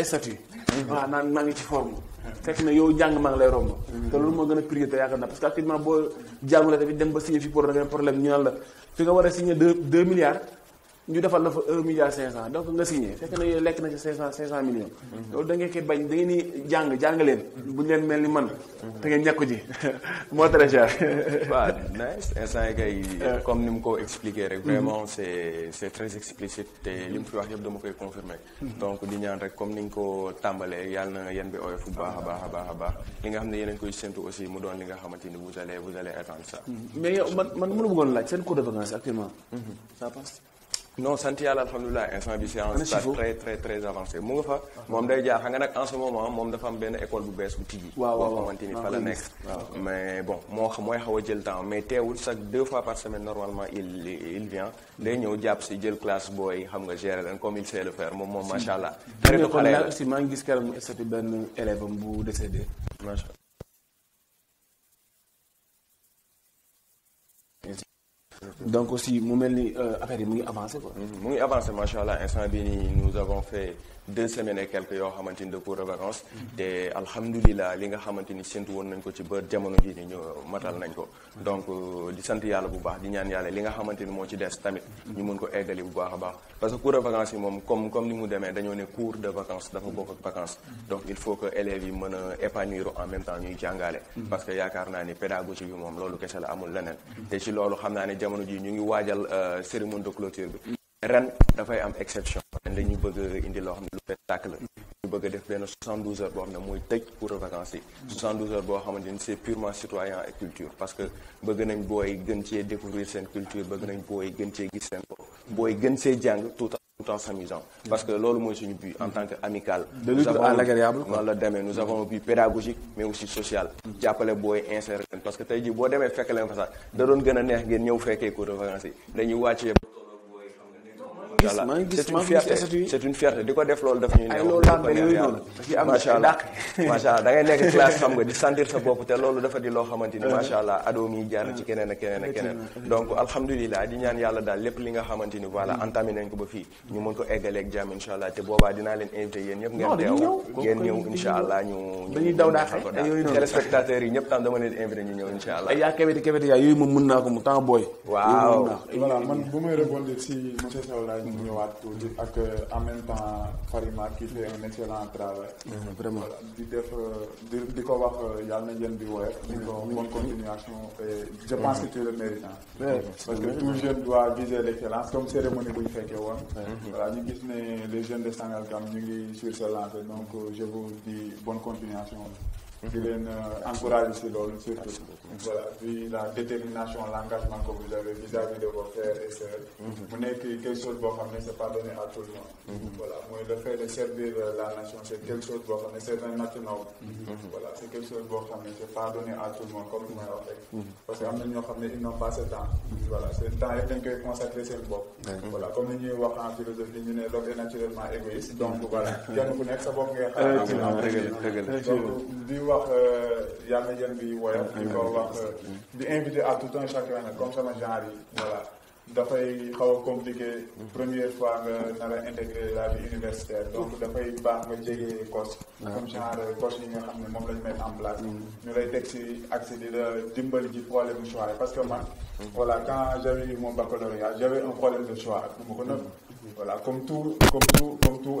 [SPEAKER 1] statut waaw naan maa ngi ci forme fekk na yow jàng maa ngi lay romb te loolu moo gën a priorité yaakaar naa parce que actuellement boo jàngulee tamit dem ba signé fi pour da nga problème ñu naan la fi nga war a signé deux deux milliards ñu defal la fa 1 milliard 500 donc nga signé fekk na lek na ci 500 500 millions loolu da ngeen koy bañ da ngeen ni jang jang leen bu leen melni man da ngeen ñakku ji mo très cher
[SPEAKER 4] ba nice instant yi kay comme nim ko expliquer rek vraiment mm-hmm. c'est c'est très explicite et lim fi wax yeb dama koy confirmer mm-hmm. donc di ñaan rek comme ni ko tambalé yàlla na yeen bi oyof bu baaxa baaxa baax baax li nga xamné yeen koy sentu aussi mu doon li nga xamante ni vous allez vous allez attendre ça mm-hmm. mais man man mënu bëggon laaj
[SPEAKER 1] sen cours de vacances actuellement
[SPEAKER 5] ça passe
[SPEAKER 4] non santé yàlla alhamdulilah instant bi séance un stade très très très avancé mu nga fa mom day jaar nga nak en ce moment mom dafa am ben école bu bees bu tijji waaw. xamante ni fa la nekk mais bon mo mooy xaw a jël temps mais téwul chaque deux fois par semaine normalement il il vient day ñëw japp ci jël classe boy xam nga gérer leen comme il sait le faire moom moom macha allah. xaritu xale
[SPEAKER 1] aussi maa ngi gis keroog mu ben élève bu décédé Machallah. donc aussi Moumeli,
[SPEAKER 4] euh, après, affaire avancé quoi. oui, avancer, avancé macha instant nous avons fait. deux semaines et quelques yoo xamante ni de cours de vacances te alhamdulilah li nga xamante ni séntu woon nañ ko ci ba jamono ji ni ñu matal nañ ko donc euh, di sant yàlla bu baax di ñaan yàlla li nga xamante ni moo ci des tamit ñu mën ko eggali bu baax a baax parce que cours de vacances yi moom comme comme ni mu demee dañoo ne cours de vacances dafa bokk ak vacances donc il faut que élèves yi mën a épanouir en même temps ñuy jàngaale parce que yaakaar naa ni pédagogie bi moom loolu te ci loolu xam naa ne jamono ji ñu ngi waajal euh, cérémonie de clôture bi ren dafay am exception ren dañu bëgg indi loo xam ne lu spectacle ñu bëgg def benn 72 heures boo xam ne mooy tëj pour vacances yi 72 heures boo xamante ni c'est purement citoyen et culture parce que bëgg nañ booy gën cee découvrir seen culture bëgg nañ booy gën cee gis seen bopp booy gën see jàng tout tout en s'amusant parce que loolu mooy suñu but en tant que amical de lutte à l'agréable noonu la demee nous avons un but pédagogique mais aussi social jàppale booy insérer parce que tey jii boo demee fekk leen fa sax da doon gën a neex ngeen ñëw fekkee cours de vacances yi dañuy allah c'est une fierté c'est une fierté di ko def loolu daf ñuy neex macha allah macha allah da ngay nekk classe xam nga di sentir sa bopp te loolu dafa di loo xamante ni macha allah adoom yi jaar ci keneen ak keneen ak keneen donc alhamdulilah di ñaan daal lépp li
[SPEAKER 1] yi ñëpp tam dama leen invité ñu ñëw incha
[SPEAKER 4] allah
[SPEAKER 3] yaa
[SPEAKER 1] kebeti kebeti yaa yooyu moom mën naa ko mu temps booy waaw voilà man bu
[SPEAKER 3] may rebondir si monsieur Sow ñëwaat tuuti ak euh, en même temps Farima qui fait un excellent travail. vraiment di def euh, di di ko wax euh, yàlla na jën bi woyof. di ko bonne et je pense que tu le mérites hein. parce que tout jeune doit viser l'excellence comme cérémonie bu ñu fekkee woon. voilà ñu gis les jeunes de Sangalkam ñu sur ce lancé donc je vous dis bonne continuation di euh, encourager si surtout. voilà Vu la détermination l'engagement que vous avez vis-à-vis de vos frères et sœurs. Mhm. n'êtes que quelque chose de xam ne c'est pas donné à tout le monde. Mhm. voilà moi, le fait de servir euh, la nation c'est quelque chose de votre c'est un acte noble. Mhm. voilà c'est quelque chose de votre ne c'est pas donné à tout le monde comme vous m'avez fait. parce que même temps, ils n'ont pas ce temps. voilà un temps est dañ consacré consacrer seen bopp. voilà comme nous ñuy wax en philosophie ñu sommes l'homme est naturellement égoïste donc voilà il y a une connexion ngay xalaat. dëgg la wax euh, yal na jën bi woyal di ko wax euh, di invité à tout un chacun nag hein, comme sama genre yi voilà dafay xaw a compliqué mm. première fois nga nar a intégré la vie universitaire donc mm. dafay baax nga jege coach comme genre coach yi nga xam ne moom la mettre en place mm. ñu lay teg si accès di la dimbali ji problème de choix parce que man voilà quand j'avais eu mon baccalauréat j'avais un problème de choix ak du ma ko nëb voilà comme tout comme tout comme tout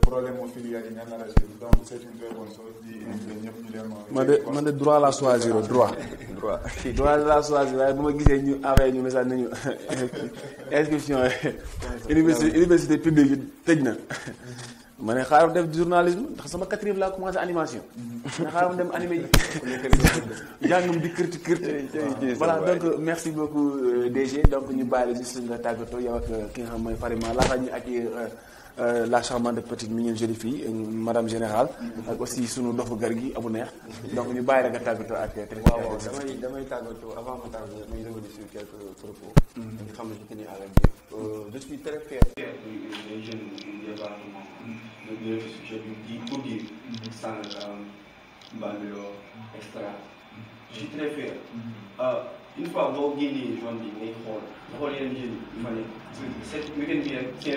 [SPEAKER 3] problème filière yi ngeen a résoudre donc c'est une très euh, de
[SPEAKER 1] ma de droit la choisir droit. droit la choisir waaye bu ma gisee ñu envoyé ñu message nañu inscription université université tëj na. ma ne xaaral def journalisme ndax sama quatrième laa commencé animation. Mm-hmm. ma xaaral dem animé yi. jàngam di kërti kërti. voilà donc merci beaucoup euh, DG donc ñu bàyyi la gis nga tàggatoo yow ak euh, ki nga xam mooy Farima laata ñu ak. Euh, la charmante petite mignonne jolie fille madame générale. aussi sur nos deux donc nous la ak. très
[SPEAKER 2] avant ma dit je sur quelques propos. Mhm. Euh, je suis très fier. les jeunes du département. le sujet du extra. je suis très fier. Euh, une fois c'est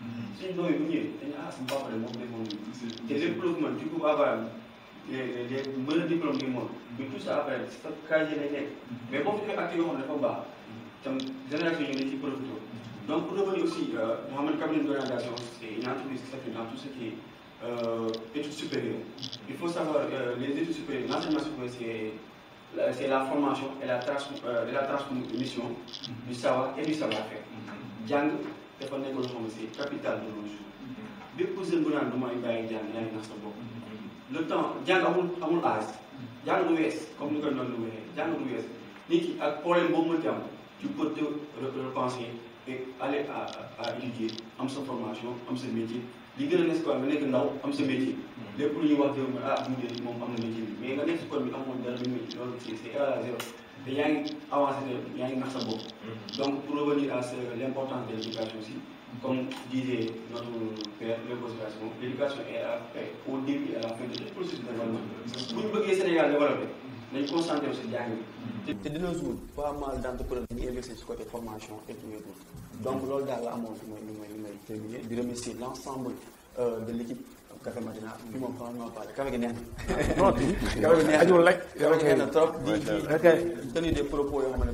[SPEAKER 2] sinon il yi a ñëwee dañu ah suñu de moom demoon les meilleurs diplômes du monde tout ça après un un de nekk mais boo fekkee actuellement, yoo xam ne pas génération, tam génération yi pour le mm-hmm. donc pour revenir aussi Mohamed Kabine d'orientation c'est une entreprise qui s'appelle, eh, dans tout uh, ce qui est études supérieures il faut savoir uh, les études supérieures l'enseignement supérieur c'est la formation et la euh, la transmission mm-hmm. du savoir et du savoir-faire mm-hmm dafa nekkoon moom si capital de rouge. jours bépp jeune bu naan du may bàyyi jàng yaa ngi nax sa bopp le temps jàng amul amul âge jàng bu wees comme ni ko noonu lu waxee jàng bu wees nit ki ak problème boobu mënti am tu peux te repenser et aller à à étudier am sa formation am sa métier li gën a nekk quoi nga nekk ndaw am sa métier lépp lu ñuy wax dégg nga ah mu ngi moom am na métier bi mais nga nekk si kon bi amoon dara bi muy loolu c'est à zéro mais yaa ngi avancé de yaa ngi nax sa bopp. Mm-hmm. donc pour revenir à ce l' importance de l' éducation aussi comme disait notre père l' éducation l' éducation est à est au début et à la fin de tout processus de développement. bu ñu bëggee Sénégal développé mm-hmm. nañ concentré wu si jàng bi. Mm-hmm. te de nos jours pas mal d' entrepreneurs dañuy investir si côté formation et tout donc loolu daal la amoon lu may lu may may terminer di remercier l' ensemble euh, de l' équipe. café matinal fi moom xamal ma paale kafe gi neen oh, kafe gi neen ajul rek kafe gi neen trop di di tenir des propos yoo xam ne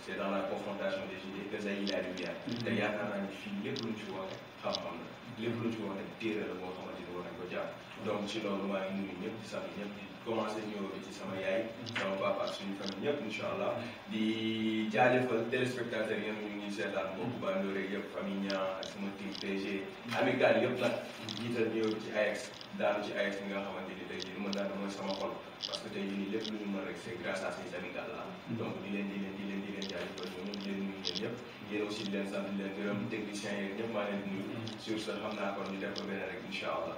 [SPEAKER 4] c'est dans la confrontation des idées que Zaï la lumière. Mhm. te yaakaar naa ni fii lépp lu ci woote xam-xam la lépp ci woote téere la boo xamante ni war nañ ko jàpp. donc ci loolu maa ngi nuyu ñëpp di sant ñëpp di commencé ñëw bi ci sama yaay. Mhm. sama papa ak suñu famille ñëpp incha allah di jaajëfal téléspectateurs yi ñu ngi seetaan mbokku mhm. Bambilor yëpp famille sama team PG. amical yëpp nag. jiital ñëw ci AX daan mooy sama xol parce que tey jii nii lépp lu ñu mën rek c'est grâce à ces amicales là. donc di leen di leen leen jaajëfal ñoom di leen nuyu ñëpp yéen aussi di leen sant
[SPEAKER 1] di leen gërëm techniciens yeeg ñëpp maa leen nuyu. Mm. sur ce xam naa kon ñu ko beneen rek incha allah.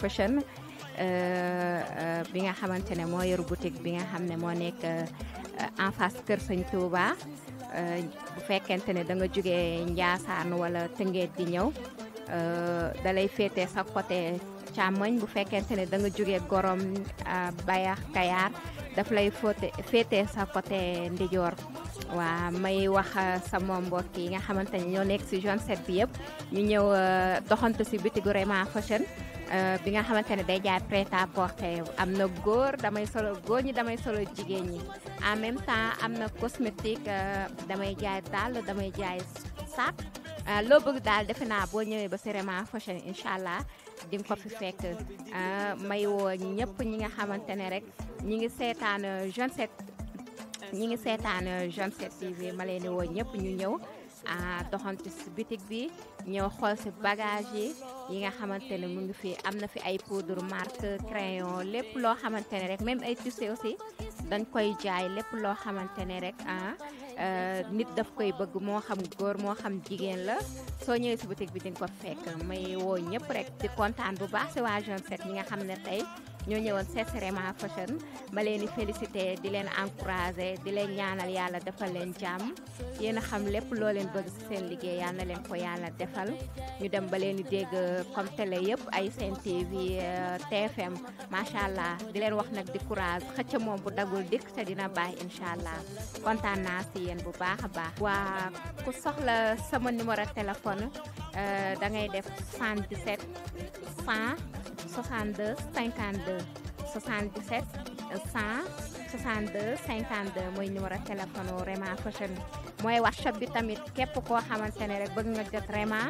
[SPEAKER 6] fashion euh, euh, bi nga xamante ne moo yor boutique bi nga xam ne moo nekk euh, kër Sëñ Touba bu fekkente ne da nga jógee Njaasaan wala Tëngéej di ñëw euh, da lay féetee sa côté càmmoñ bu fekkente ne da nga jógee Gorom Bayax Kayaar daf lay foote féetee sa côté ndijoor waa may wax euh, sama mbokk yi nga xamante ne ñoo nekk si zone set bi yëpp ñu ñëw euh, doxantu si bitigu Rema Fashion Eh, bi nga xamante ne day jaay prêt porter am na góor damay solo góor ñi damay solo jigéen ñi en même temps am na cosmétique eh, damay jaay daal damay jaay sac eh, loo bëgg daal defe naa boo ñëwee ba Sérema fashion incha allah di nga ko fi fekk may woo ñëpp ñi nga xamante ne rek ñi ngi seetaan Jeune 7 ñi ngi seetaan Jeune 7 TV ma leen di woo ñëpp ñu ñëw. doxantu si bitig bi ñëw xool si bagage yi yi nga xamante ne mu ngi fi am na fi ay poudre marque crayon lépp loo xamante ne rek même ay tissu aussi dañ koy jaay lépp loo xamante ne rek ah euh, nit daf koy bëgg moo xam góor moo xam jigéen la soo ñëwee si bitig bi di nga ko fekk may woo ñëpp rek ci kontaan bu baax si waa Jeune 7 nga xam ne tey ñoo ñëwoon seet si Fashion ma leen di félicité di leen encouragé di leen ñaanal yàlla defal leen jàmm yéen a xam lépp loo leen bëgg si seen ko yàlla defal ñu dem ba leen di dégg comme télé yëpp ay seen TV euh, TFM macha allah di leen wax nag di courage xëcc moom bu dagul dikk te dina baax incha allah kontaan naa si yéen bu baax a baax. waa ku euh, def 77 100 62 52. 77 100 62 52 mooy numéro téléphone Rema Fashion mooy workshop bi tamit képp koo xamante ne rek bëgg na jot Rema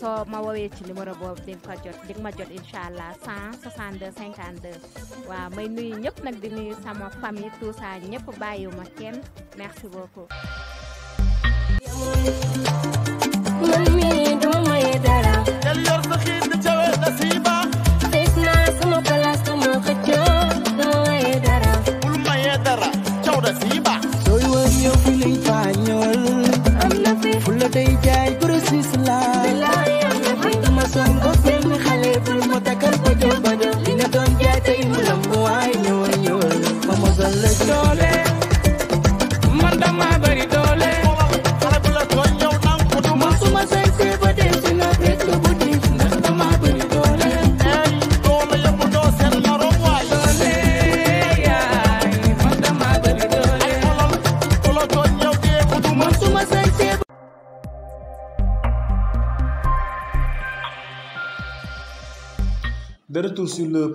[SPEAKER 6] soo ma woowee ci numéro boobu di nga jot di ma jot incha allah 162 52 waaw may nuyu ñëpp nag di nuyu sama famille tout ça ñëpp bàyyiwuma kenn merci beaucoup.
[SPEAKER 5] man dara bul maye dara caw
[SPEAKER 7] da siiba sooy wër yow fi lay faañol am na fi fu la day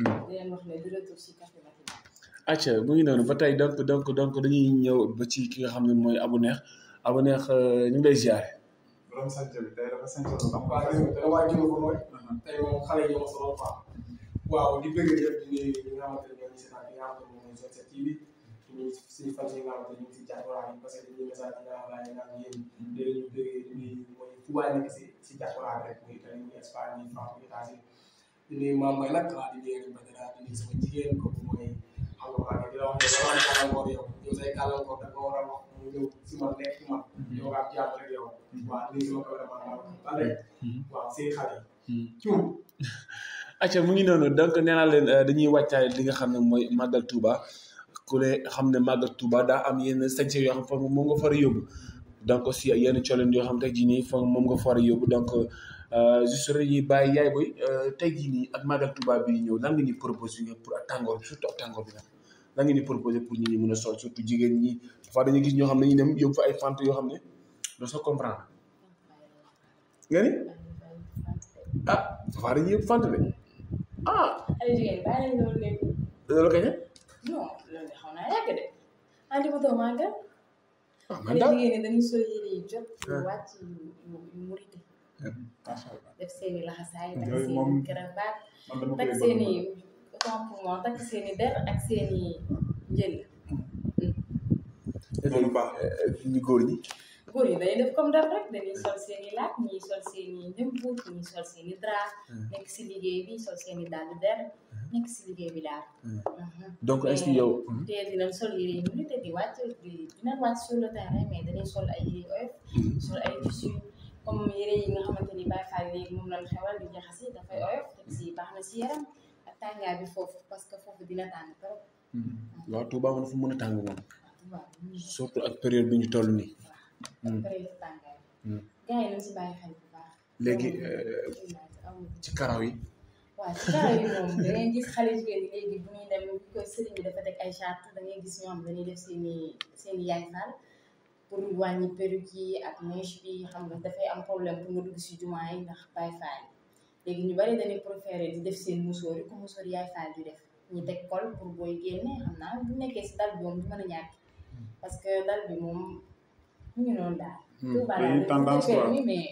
[SPEAKER 8] Mm. di leen wax ne du retour si café matinal.
[SPEAKER 1] acca mu ngi noonu ba tey donc donc donc dañuy ñëw ba ci ki nga xam ne mooy Abou Nekh Abou Nekh euh, ñu ngi lay ziare.
[SPEAKER 7] borom sant bi tey dafa sant lool. waaw tey waa ji ko mooy. tey moom xale yi ñoo solo quoi. waaw di bëgg yëpp di nuyu ñi nga xamante ne ñoo ngi si naan nga xamante ne moom mooy Sen TV ñu ngi si fan yi nga xamante ne ñu ngi si diaspora bi parce que dañuy message yi nga xamante ne naan yéen léegi ñu bëgg di nuyu mooy fu waay nekk si si diaspora bi rek muy Italie muy Espagne muy France muy États-Unis di nuyu maam Baye nag ah di nuyu Alioune Badara di da a wax mu ñëw si man acca mhm. mhm.
[SPEAKER 1] mhm. mu ngi noonu donc nee leen euh, dañuy wàccaay li xam ne mooy màggal Touba ku ne xam ne màggal Touba daa am yenn sañse yoo xam foog moom nga far a yóbbu donc aussi yenn colin yoo xam te ji nii foog moom nga far a yóbbu donc. Euh, juste rek yi bàyyi yaay booy euh, tey jii nii ak Magal tubaab bi ñëw lan nga ñuy proposé pour ak tàngoor bi surtout ak tàngoor bi nag lan nga ñuy pour ñu ñu mën a sol surtout jigéen ñi dafa dañuy gis ñoo xam ne ñu dem yóbbu fa ay fant yoo xam ne doo sa comprendre ah, fant de
[SPEAKER 8] ah!
[SPEAKER 5] macha allah
[SPEAKER 8] def seen laxasaay. yooyu moom takk seen i karabaat takk seen i ak seen i njël. moom bu euh, def comme daf rek dañuy sol seen i laaj ñuy sol seen i njëmbuut ñuy sol seen i hmm. nekk si liggéey bi sol seen i dàll hmm. nekk si liggéey bi daal. Hmm. donc est yow. te dinañ sol yére yi ñu te di wàcc di dinañ wàcc sur le terrain mais dañuy sol ay yére oyof. sol ay tissus. comme yére nga xamante ni Baye Fall léegi moom lañ xewal di jaxasi dafay oyof teg si baax na si yaram ak tàngaay bi foofu parce que foofu dina tàng trop.
[SPEAKER 1] Hmm. waaw Touba moom dafa mën a tàng moom. surtout ak période bi ñu toll nii. Hmm.
[SPEAKER 8] période hmm. yi nañ si bàyyi xel bu baax.
[SPEAKER 1] léegi euh, ci karaw yi.
[SPEAKER 8] waaw gis xale jigéen léegi bu ñuy dem bu yaay faal. pour wàññi perruque yi ak mèche bi xam nga dafay am problème pour nga dugg si jumaa yi ndax Baay Faal léegi ñu bari dañuy préféré di def seen musóor yi ko musóor yaay faal di def ñu teg kol pour booy génne xam naa bu nekkee si dal bi moom du mën a parce que dal bi moom mu ngi daal. Hmm, dañuy tendance quoi mais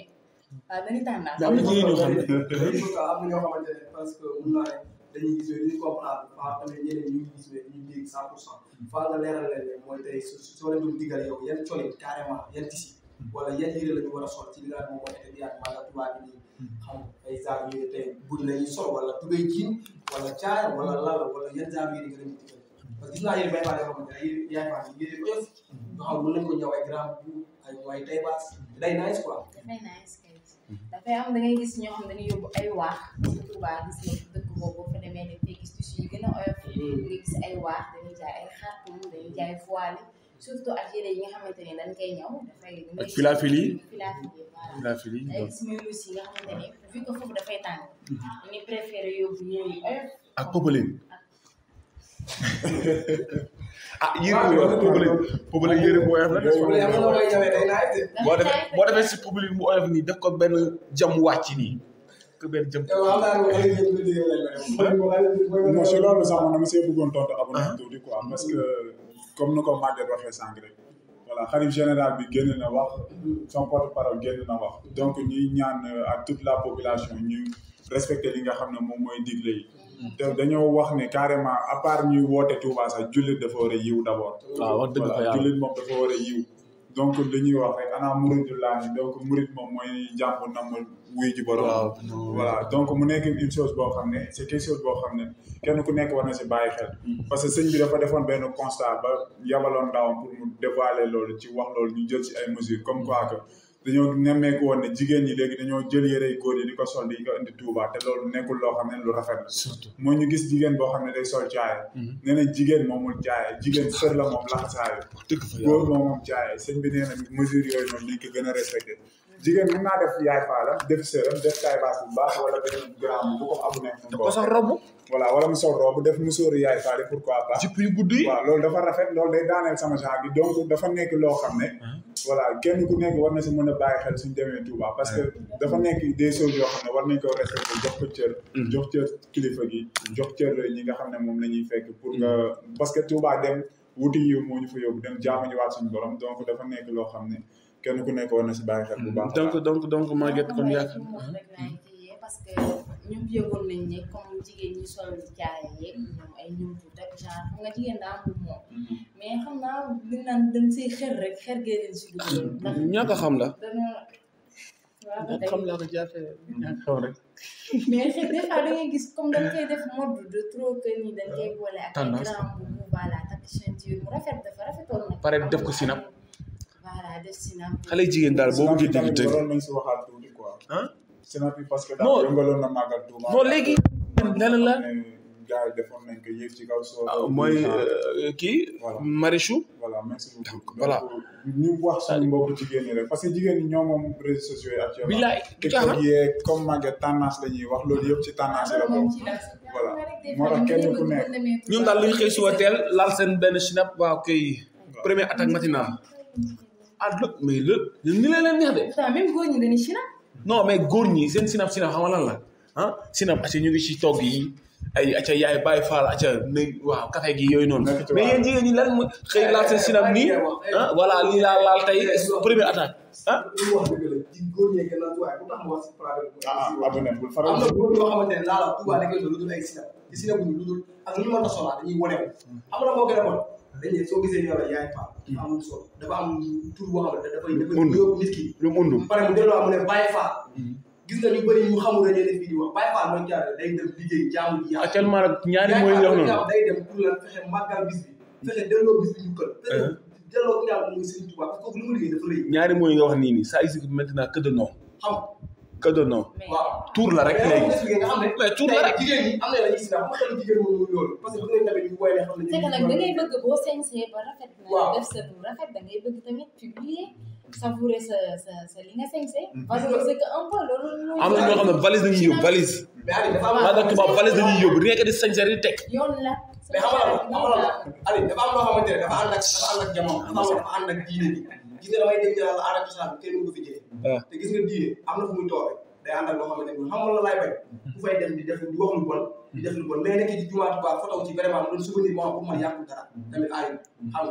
[SPEAKER 8] waaw dañuy tendance. am
[SPEAKER 7] na dañuy gis yooyu dañuy comprendre pas tamit ñeneen ñu ngi a sol ci li nga moom mooy été bi ak ay genre ñu ne tey buñ la ñuy sol wala tubéy jiin yan genre yi nga leen di parce que gis naa yéen bay faale yoo xamante ne yéen yaay faale yéen ko def nga xam mën nañ ko ay grand boubou ay mooy tay baas da
[SPEAKER 8] ngay gis ñoo ay waax boobu boo fa demee dañ fay gis tissus yu gën a oyof. nga mm-hmm. gis ay waax dañuy jaay ay xartum dañuy mm-hmm. jaay voile surtout ak yére yi nga xamante ne dañ koy ñëw. dafay ak filafili filafili voilà
[SPEAKER 3] filafili donc ay
[SPEAKER 8] smulus yi nga xamante ne vu que foofu dafay tàng. Mm-hmm. dañuy préféré yóbbu yére yi oyof.
[SPEAKER 3] ak popeline. ah yére bu oyof popeline popeline yére bu oyof la. boo defee si
[SPEAKER 1] popeline bu oyof nii def ko benn jam wàcc nii. benn jëm. waaw
[SPEAKER 3] waaw waaw waaw. non si loolu sax man dama see bëggoon tontu abonné ah. tuuti quoi parce que comme ni ko Maguette waxee sànq rek voilà xalif général bi génn na wax son porte-parole génn na wax donc ñi ñaan euh, ak toute la population ñu respecté li nga xam ne moom mooy digle dañoo wax ne carrément à part woote Touba sax jullit dafa war a yiw d'abord. waaw ah, wax dëgg fa yàlla jullit moom dafa war a yiw. donc dañuy wax rek ana muridu laahi donc murid moom mooy jàpp na ma wuy ji borom. voilà donc mu nekk une chose boo xam ne c' est quelque boo xam ne kenn ku nekk war na si bàyyi xel. Hmm. parce que sëñ bi dafa defoon benn constat ba yabaloon ndawam pour mu dévoiler loolu ci wax loolu ñu jël ci ay mesures comme quoi que. dañoo nemmeeku woon ne jigéen ñi léegi dañoo jël yërey góor yi di ko sol di ko indi Touba te loolu nekkul loo xam ne lu rafet la moo ñu gis jigéen boo xam ne day sol caaya mm-hmm. nee jigéen moomul caaya jigéen sër la moom laxasaayo góor moom moom caaya sëñ bi nee na mesure yooyu noonu nañ gën a respecté jigéen mën naa def yaay faalam def sëram def bu baax wala benn gramme bu wala mu sol robu def mu sóoru yaay faale pourquoi pas jipp yu gudd loolu dafa rafet loolu day daaneel sama genre bi donc dafa nekk loo xam ne mm-hmm. voilà kenn ku nekk war na si mën a bàyyi xel suñ demee Touba parce que dafa nekk des choses yoo xam ne war nañ ko respecté jox ko cër mm. jox cër kilifa gi mm. jox cër ñi nga xam ne moom la ñuy fekk pour mm. nga parce que Touba dem wuti yiw moo ñu fa yóbbu dem jaamu ñu waat suñu borom donc dafa nekk loo xam ne kenn ku nekk war na si bàyyi xel bu baax donc donc donc Maguette comme yaakaar
[SPEAKER 8] parce que ñoom yëgoon nañ ne comme jigéen ñi sol caaya yeeg ñoom ay ñumtu rek jigéen daa am moom mm-hmm. mais xam naa li naan dañ siy mm-hmm. a xam la xam laa
[SPEAKER 1] ko jaafee ñàkk
[SPEAKER 8] xam gis comme def rafet dafa rafetoon nag
[SPEAKER 1] pare def ko sinap voilà xale jigéen daal boobu bëggee
[SPEAKER 3] dégg sénateur parce que. non yëngaloon na màggal
[SPEAKER 8] léegi
[SPEAKER 1] leneen la.
[SPEAKER 3] nañ ko ci kaw soo. Ah, mooy euh, kii. voilà Marichou. voilà merci beaucoup. ñu wax suñu mbokku jigéen ñi rek parce que jigéen ñi ñoo moom réseaux sociaux yi actuellement. bilaay TikTok yeeg la ñuy wax loolu yëpp ci tendance la bokk. voilà moo ñoom daal lu ñu xëy laal seen benn snap waaw
[SPEAKER 1] kay. premier attaque matinale. ah mais lépp. ni leen leen
[SPEAKER 8] neex de.
[SPEAKER 1] non mais góor ñi seen sinap sinap xam nga la ah sinap acca ñu ngi ci yi ay acca yaay bàyyi faal acca na waaw café gi yooyu noonu mais yéen jigéen ñi lan mu xëy laal seen sinap nii ah voilà lii laa laal tey première attaque ah
[SPEAKER 7] dañ ne soo gisee ñoom yaay Fall. dafa hmm. am solo dafa am tur boo xam ne dafay. dafay yóbbu nit ki. lu mundu pare mu delloo mu ne hmm. nga ñu bëri ñu xamul dañuy jaamu
[SPEAKER 1] ji. actuellement nag
[SPEAKER 5] ñaari mooy yox noonu
[SPEAKER 7] day dem pour la fexe màggal bis bi. fexe delloo bis bi ñu kër. Uh-huh. nga xam ne mooy Serigne Touba mu
[SPEAKER 1] liggéey dafa rëy. ñaari mooy wax nii nii ça existe maintenant que de cadeau non. tour la rek léegi. mais tour la rek jigéen
[SPEAKER 7] ñi am na la gis naa xam nga jigéen moom loolu parce que bu ngeen tamit ñu woy ne xam nga. nag da ngay
[SPEAKER 8] bëgg boo sañsee ba rafet. waaw def sa bu rafet da bëgg tamit publier. sa sa sa li nga sañsee. Mm. parce que c'est que un peu loolu. am na ñoo xam valise dañuy yóbbu valise.
[SPEAKER 1] valise dañuy yóbbu rien que di sañsee di teg.
[SPEAKER 7] gis nga damay dem ci yàlla aada cosaan bi kenn mënu ko fi jëlee ah. te gis nga diine am na fu muy toog day ànd ak loo xamante ne xam nga la laay bañ ku fay dem di def di wax lu bon di def lu bon mais nekk ci jumaa Tuubaa fotow ci vraiment mu doon souvenir boo xam pour man yàqul dara tamit aayu xam nga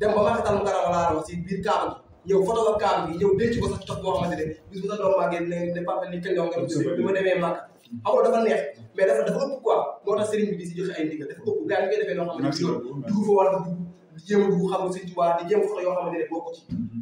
[SPEAKER 7] dem ba ma xatal mu dara wala wax si biir kaaba gi ñëw fotow ak kaaba gi ñëw denc ko sax tox boo xamante ne bis bu sa doom màggee ne ne papa ni kenn nga bi ma demee màkk xamul dafa neex mais dafa dafa ëpp quoi moo tax sëriñ bi di si joxe ay ndigal dafa ëpp gars yi ngay defee loo xamante ne dugg fa wala dugg di jéem a dugg xam nga sëriñ Tuubaa di jéem foto yoo xamante ne bokku ci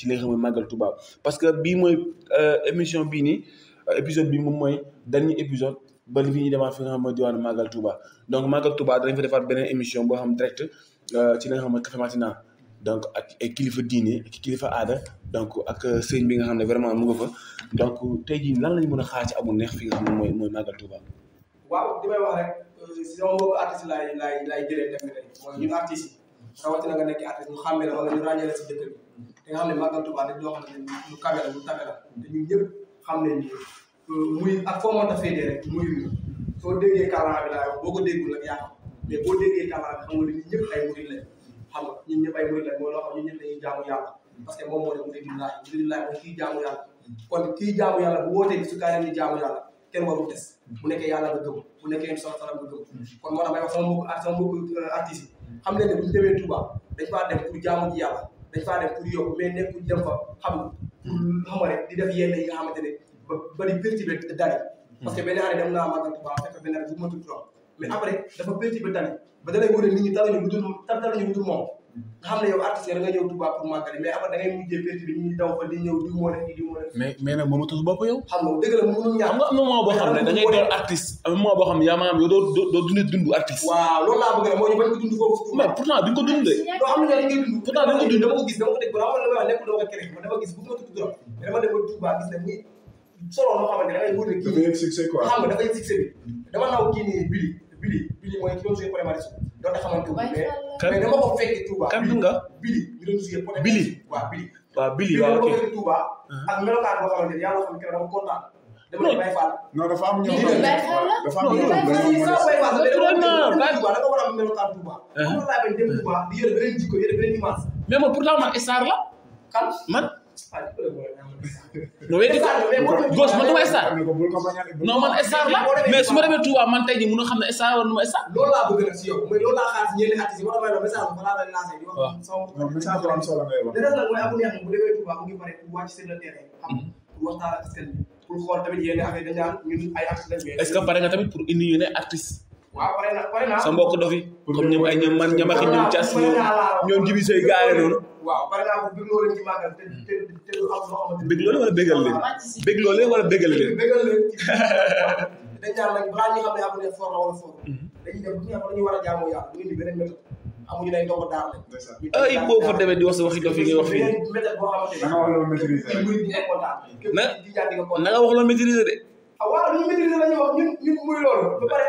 [SPEAKER 1] ci li nga xam ne màggal Touba parce que bii mooy euh, émission bi ni euh, épisode bi moom moy dernier épisode ba li ñuy demaat fi nga xam mooy diwaanu màggal Touba donc magal Touba danañ fa defaat benen émission bo xam direct euh, ci li nga xam ne Café matina donc ak ay kilifa diine ak kilifa aada donc ak sëñ bi nga xam vraiment mu nga fa donc tey jii lan lañ mëna xaar ci amul neex fi nga xam moy moy magal màggal Touba.
[SPEAKER 7] waaw dimay wax rek sama mbokku artiste lay lay lay jëlee def nga tey mooy ñun artistes yi rawatina nga nekk artiste mu xàmmee la wala ñu ràññee la si dëkk bi. nga xam ne màggal Tuubaa dañ loo xam ne lu kawe la lu tawe la te ñun ñëpp xam nañ euh, muy ak foo mënta féetee rek muy soo déggee kalaan bi laa boo ko déggul nag yaa xam mais boo déggee kalaan xam nga ne ñun ñëpp ay murid lañ xam nga ñun ñëpp ay murid lañ moo loo xam ñun ñëpp dañuy jaamu yàlla parce que moom moo ne muridullaahi muridullaahi moom kii jaamu yàlla kon kii jaamu yàlla bu wootee su kaay ni jaamu yàlla kenn warul des bu nekkee yàlla nga gëm bu nekkee sa salam nga gëm kon moo tax may wax sama mbokk sama mbokk euh, artiste yi xam ne ne bu ñu demee Touba dañ faa dem pour jaamu ji yàlla dañ faa def pour yokk mais nekkul dem fa xam xam rek di def yenn yi nga xamante ne ba bari perturbé dali parce que benn année dem naa màggal Tuubaa fekk benn année bu matul trop mais après dafa perturbé dali ba dalay wër nit ñi dalañu lu moom nga xam ne yow artiste da nga ñëw Touba pour màggali mais après da ngay mujjee perte bi ñuy daw fa di ñëw di moo def di moo def
[SPEAKER 1] mais mais nag moom tus bopp yow xam nga
[SPEAKER 7] dëgg la mënul ñaax xam nga am na moment boo xam ne da ngay doon
[SPEAKER 1] artiste am na moment boo xam ne yaa maanaam yow doo doo dund dund artiste waaw loolu laa bëgg moo ñu bañ ko dund foofu mais pourtant duñ ko dund de loo xam ne
[SPEAKER 7] dañ koy dund pourtant dañ ko dund dama ko gis dama ko dégg dama la wax nekk dama ko créé ma dama gis bu ma tudd trop mais dama dem ba Touba gis ne muy solo loo xamante da ngay wóor ne kii xam nga dafay succès bi dama naw kii nii Billy Billy Billy mooy ki doon suñu prémarisé doon xamante wu mais dama ko fekk Touba. kan nga Billy ñu doon gisee peut Billy waaw Billy. waaw Billy waaw ok Billy ko Touba. Uh-huh. ak melokaan boo xamante ne yàlla xam ne dama kontaan. dama ne Baye ñoo xam am ñoo xam ne dañoo mën a. Touba da nga a am melokaan Touba. xam uh-huh. nga laa bañ dem Touba di yore beneen jikko yore
[SPEAKER 1] la.
[SPEAKER 7] man. loolu yëpp gos man dama star non man star la mais
[SPEAKER 1] su ma tamit pour indi ñu ne artiste. dofi comme ñoom ay ñoom man ñoom ak ñoom cas noonu
[SPEAKER 7] waaw par exemple bégloo leen ci màggal te te te du am loo xamante ni. bégloo leen wala bégal leen. bégloo leen wala bégal leen. bégal leen ci dañ naan nag balaa ñuy xam ne amuñu effort la wala fort. Mhm. dañuy dem bu ñu xam ne ñu war a jaamoo yàlla du indi beneen méthode amuñu day doog a daal rek.
[SPEAKER 1] ay boo ah, fa demee di wax sa waxi dof yi ngay wax fii.
[SPEAKER 7] méthode boo xamante ne. na nga wax loo maîtriser rek. na na nga
[SPEAKER 1] wax loo maîtriser de.
[SPEAKER 7] ah waaw ñu maîtriser la ñu wax ñun ñun muy loolu ba pare.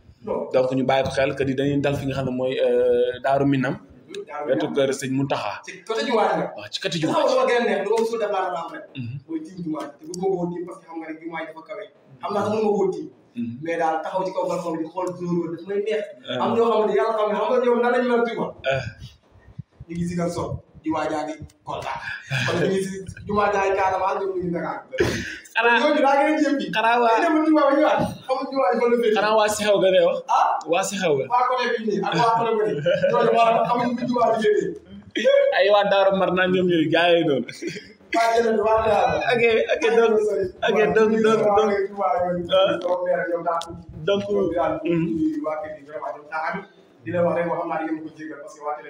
[SPEAKER 1] donc ñu bàyyi ko xel que ni dañuy dal fi nga xam ne mooy euh, Daaru Minam. wetu kër sëñ Muntaxa. ci
[SPEAKER 7] côté Jumaa la. waaw ci Jumaa la. waaw gën a neex ma la Jumaa te mhm. taxaw ci kaw balcon bi di xool dóor daf may neex. Ah. am ñoo xam ne yàlla xam ah. kontaan. xanaa xanaa waa xanaa waa si xew ga ngay wax.
[SPEAKER 1] waa si xew ga. ay waa Daara Mar naa ñoom ñooy gars yi noonu. ok ok donc
[SPEAKER 7] ok donc donc donc. Ah. donc. Mm-hmm. di la wax rek wax naa yéen ko jégal parce que waa télé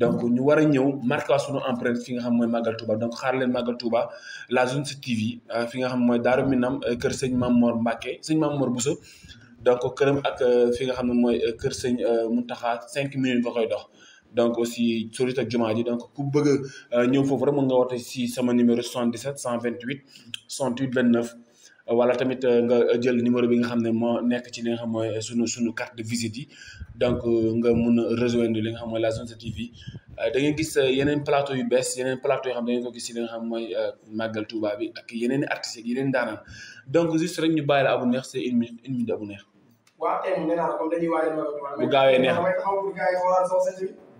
[SPEAKER 1] donc ñu war a ñëw marqué waa sunu empreinte fi nga xam mooy Magal Touba donc xaar leen Magal Touba la zone 7TV euh, fi nga xam mooy Daru Minam euh, kër sëñ Mame Mor Mbacke sëñ Mame Mor Bousso donc këram ak fi nga xam ne mooy kër sëñ euh, Mountakha cinq minutes nga koy dox donc aussi sori ak jumaa ji donc ku bëgg ñëw foofu rek mën nga woote si sama numéro 77 128 68 29 wala tamit euh, nga euh, jël numéro bi nga xam mo nek ci li nga xam moy euh, suñu suñu carte de visite yi donc nga mun rejoindre li nga xam moy la zone tv da ngeen gis yeneen plateau yu bees yeneen plateau yoo xam da ngeen ko gis ci li nga xam moy magal Touba bi ak yeneen artiste ak yeneen daanaan donc juste rek ñu bàyyi la neex c'est une minute une minute abou neex.
[SPEAKER 7] wa tey moom nee naa la comme dañuy waajal ma. bu gaawee neex ma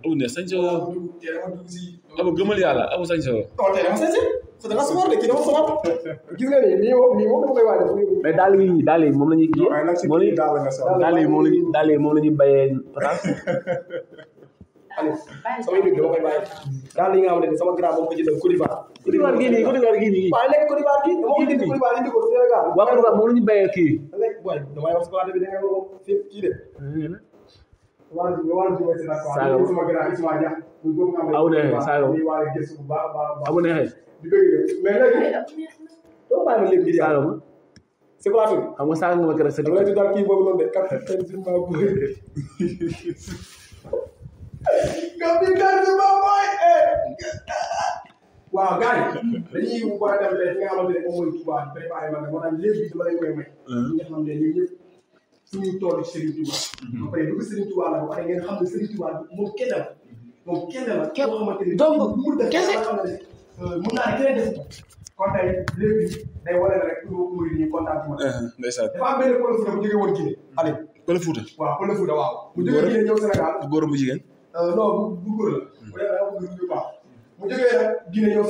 [SPEAKER 1] abu neex sañ sa woo. abu gëmal yàlla abu sañ dama
[SPEAKER 7] woo. parce que da nga soxor de kii dama soxor
[SPEAKER 1] gis nga ni lii moom lii moom dama koy waaj mais daal yi daal yi moom la ñuy kii daal yi moom la ñuy daal yi moom la ñuy bayee France
[SPEAKER 7] sama yëngu dama koy bàyyi daal li nga xam ne sama grand moom ko
[SPEAKER 1] jëndal Côte d'Ivoire. Côte d'Ivoire gii nii Côte d'Ivoire gii nii. waaw léegi Côte d'Ivoire gii dama ko jëndi Côte d'Ivoire indi
[SPEAKER 7] ko Sénégal. waaw Côte d'Ivoire
[SPEAKER 1] moom la ñu béyee kii.
[SPEAKER 7] damay wax si bi da nga ko kii de. saaga aw neexee ma. xam saaga ma keroog sa dikk. waaw gars yi a dem fi nga xamante ne moom mooy Touba préparé ma ne maanaam léegi dama suñu toolu Serigne Touba. Mhm. ba pare dugg Serigne Touba la ba pare ngeen xam ne Serigne Touba moom kenn la moom kenn la. képp donc kese boo xamante ne mun naa keneen def ko. kon tey léegi day wane rek pour mu ñu kontaan ci moom. Eh,
[SPEAKER 3] ndeysaan dafa am benn pël Fuuta bu
[SPEAKER 7] jógee woon
[SPEAKER 1] Guinée. Aliou pël Fuuta. waaw pël Fuuta waaw.
[SPEAKER 7] mu jógee Guinée ñëw Sénégal. Euh, bu góor dee da nga ko baax. mu jógee nag Guinée ñëw hmm.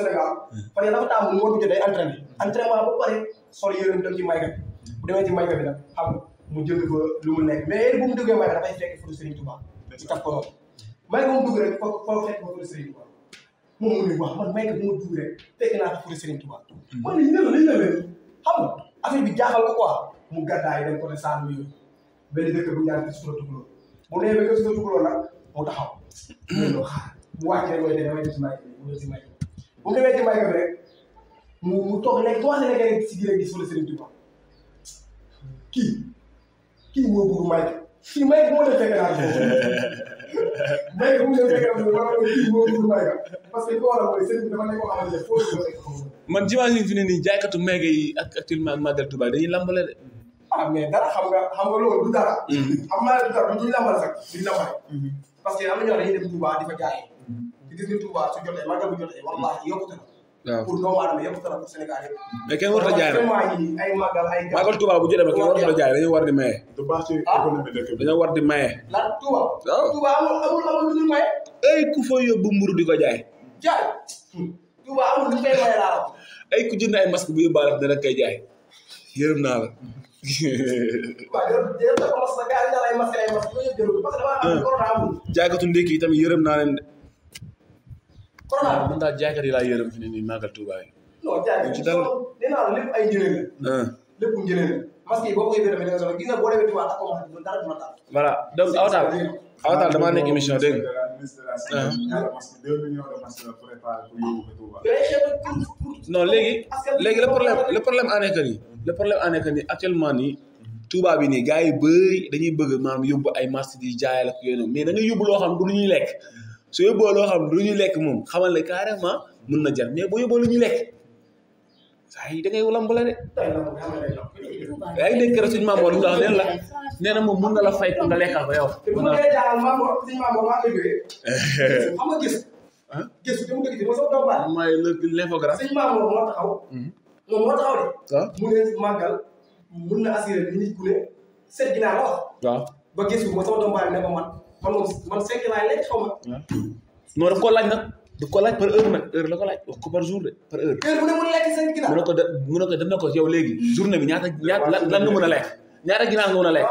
[SPEAKER 7] mu war a day entraîné. entraînement ba pare sol yërëm dem ci mayga bi. bu demee ci mayga bi nag xam nga. mu jënd ko lu mu nekk mais bu mu duggee waaye dafay fekk foto Serigne Touba. ci tax ko may ko mu dugg rek foo foo fekk foto Serigne Touba ma dugg rek ñu ne la li ñu ne la xam nga affaire bi jaaxal ko quoi mu gàddaay dem côté Saalum yooyu benn dëkk bu ñaar gis ko Tukulóor mu nee ba gis ko Tukulóor nag mu taxaw. loolu xaar mu wàccee mooy dana may ci may mu ci may bu demee ci may rek mu mu toog léegi trois Sénégalais si biir rek gis foto Serigne Touba kii. kii moo bëgg Mike kii Mike moo leen fekk naa ko. Mike mu ngi leen fekk naa ko waaw kii moo bëgg que li ko a mooy sëñ bi dafa
[SPEAKER 1] nekk koo foo ko man j'imagine fi ne nii jaaykatu meeg yi ak actuellement ak Magal Touba dañuy lambale de. ah dara xam nga xam nga loolu du dara. Mm-hmm. xam nga dara du ñuy lambale sax duñu
[SPEAKER 7] lambale. Mm-hmm. parce que gis nga Touba su jotee Magal bu jotee wallahi yokkute na. waaw pour doomu aadama yëpp kenn warut a jaay nag ay bu
[SPEAKER 1] jëlee ma kenn warut jaay dañoo war di maye. du baax ci économie maye. lan ku fa yóbbu mburu di ko jaay. ay ku jënd ay masque bu yóbbaale dana koy jaay yërëm naa la. a gars
[SPEAKER 7] yi daal ay masques que damaa.
[SPEAKER 1] jaay ko tuuti ndékki yi tamit yërëm naa leen corona bi mën naa jaay kat yi laa yërëm fi ne nii màggal Touba
[SPEAKER 7] jaay ci dal nee la lépp ay njëriñ la. lépp njëriñ la masque yi boo ko nga soxla gis nga boo ak commencé du dara du
[SPEAKER 1] voilà donc awtaal awtaal damaa nekk émission dégg non léegi léegi le problème le problème en est que le problème en est que actuellement nii Touba bi dañuy bëgg ay di mais da nga xam du lu ñuy su yóbboo loo xam lu ñu lekk moom xamal ne carrément mun na jar mais boo yóbboo lu ñu lekk saa yi da ngay lamb la de.
[SPEAKER 7] yaa ngi dégg keroog la nee
[SPEAKER 1] na moom mun na la fay pour nga lekkal ko yow. na la suñu
[SPEAKER 7] maam war maa xam mhm.
[SPEAKER 1] de.
[SPEAKER 7] waaw mu ne màggal mun ne la
[SPEAKER 1] wax.
[SPEAKER 7] waaw man moom man cinq laay lekk
[SPEAKER 1] koo laaj nag daf koo laaj par heure nag heure la ko laaj wax ko par jour de par heure. heure bu
[SPEAKER 7] ne na
[SPEAKER 1] ko de na ko def na ko yow léegi bi ñaata ñaata lan nga mën a lekk ñaata ginaar nga mën a lekk.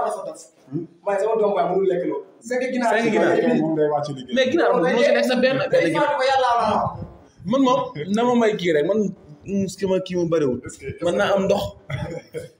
[SPEAKER 7] waaye sama doom waaye mënul lekk loolu. cinq
[SPEAKER 1] ginaar
[SPEAKER 3] moom moo si nekk sa benn benn
[SPEAKER 1] man moom na ma may kiir rek man kii mm, ma kii ma bëriwul. man naa am ndox.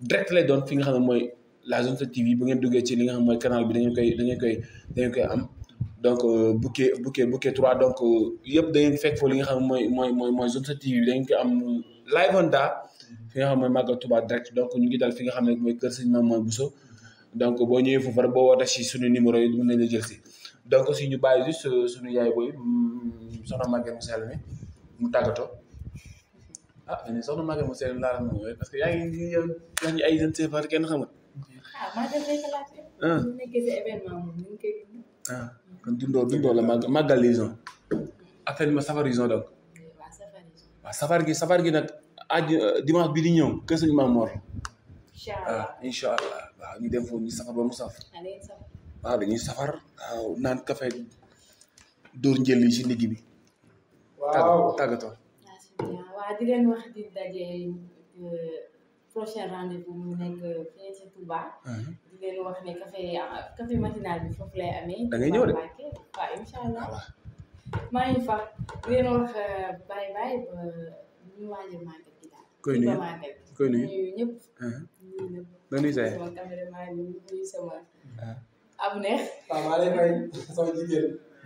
[SPEAKER 1] direct lay doon fi nga xam ne mooy la zone 7 TV bu ngeen duggee ci li nga xam mooy canal bi da koy da koy da ngeen koy am donc euh, bouquet bouquet bouquet 3 donc euh, yëpp da ngeen fekk foofu li nga xam mooy mooy mooy mooy zone 7 TV am live on fi nga xam mooy Magal Touba direct donc ñu ngi daal fi nga xam ne mooy kër sëñ Maam mooy Bousso donc boo ñëwee foofu rek boo wootee si suñu numéro yi mën nañ la jël si donc aussi ñu bàyyi juste euh, suñu yaay booy
[SPEAKER 5] mm,
[SPEAKER 1] soxna Maguette Moussa mi mu tàggatoo. ah mais soxna mu seen laal moom yooyu parce que yaa ngi yow yaa ngi ay jeunes séeréer kenn xamul.
[SPEAKER 8] ah maa ngi
[SPEAKER 1] ah. Ah, la màgg màggal liaison. ma safar liaison donc. safar gi safar gi nag àjj dimanche bi di ñëw kër sëñ Maam Mor. incha allah ah waaw ñu dem foofu ñu safar ba mu saf. waaw dañuy safar naan kafe dóor njël yi si ndigg
[SPEAKER 8] waaw di leen wax di daje prochain rendez-vous mu nekk fii ci Touba. di leen wax ne café café matinal bi foofu lay amee. da ngay ñëw de waaw incha allah. maa ngi fa di leen wax bye bye ba ñu waaj a màggal gi
[SPEAKER 5] daal. koy nuyu koy nuyu nuyu
[SPEAKER 8] ñëpp. nuyu ñëpp. na nuyu sa sama caméraman nuyu sama. am neex. waaw
[SPEAKER 7] maa lay fay sama jigéen.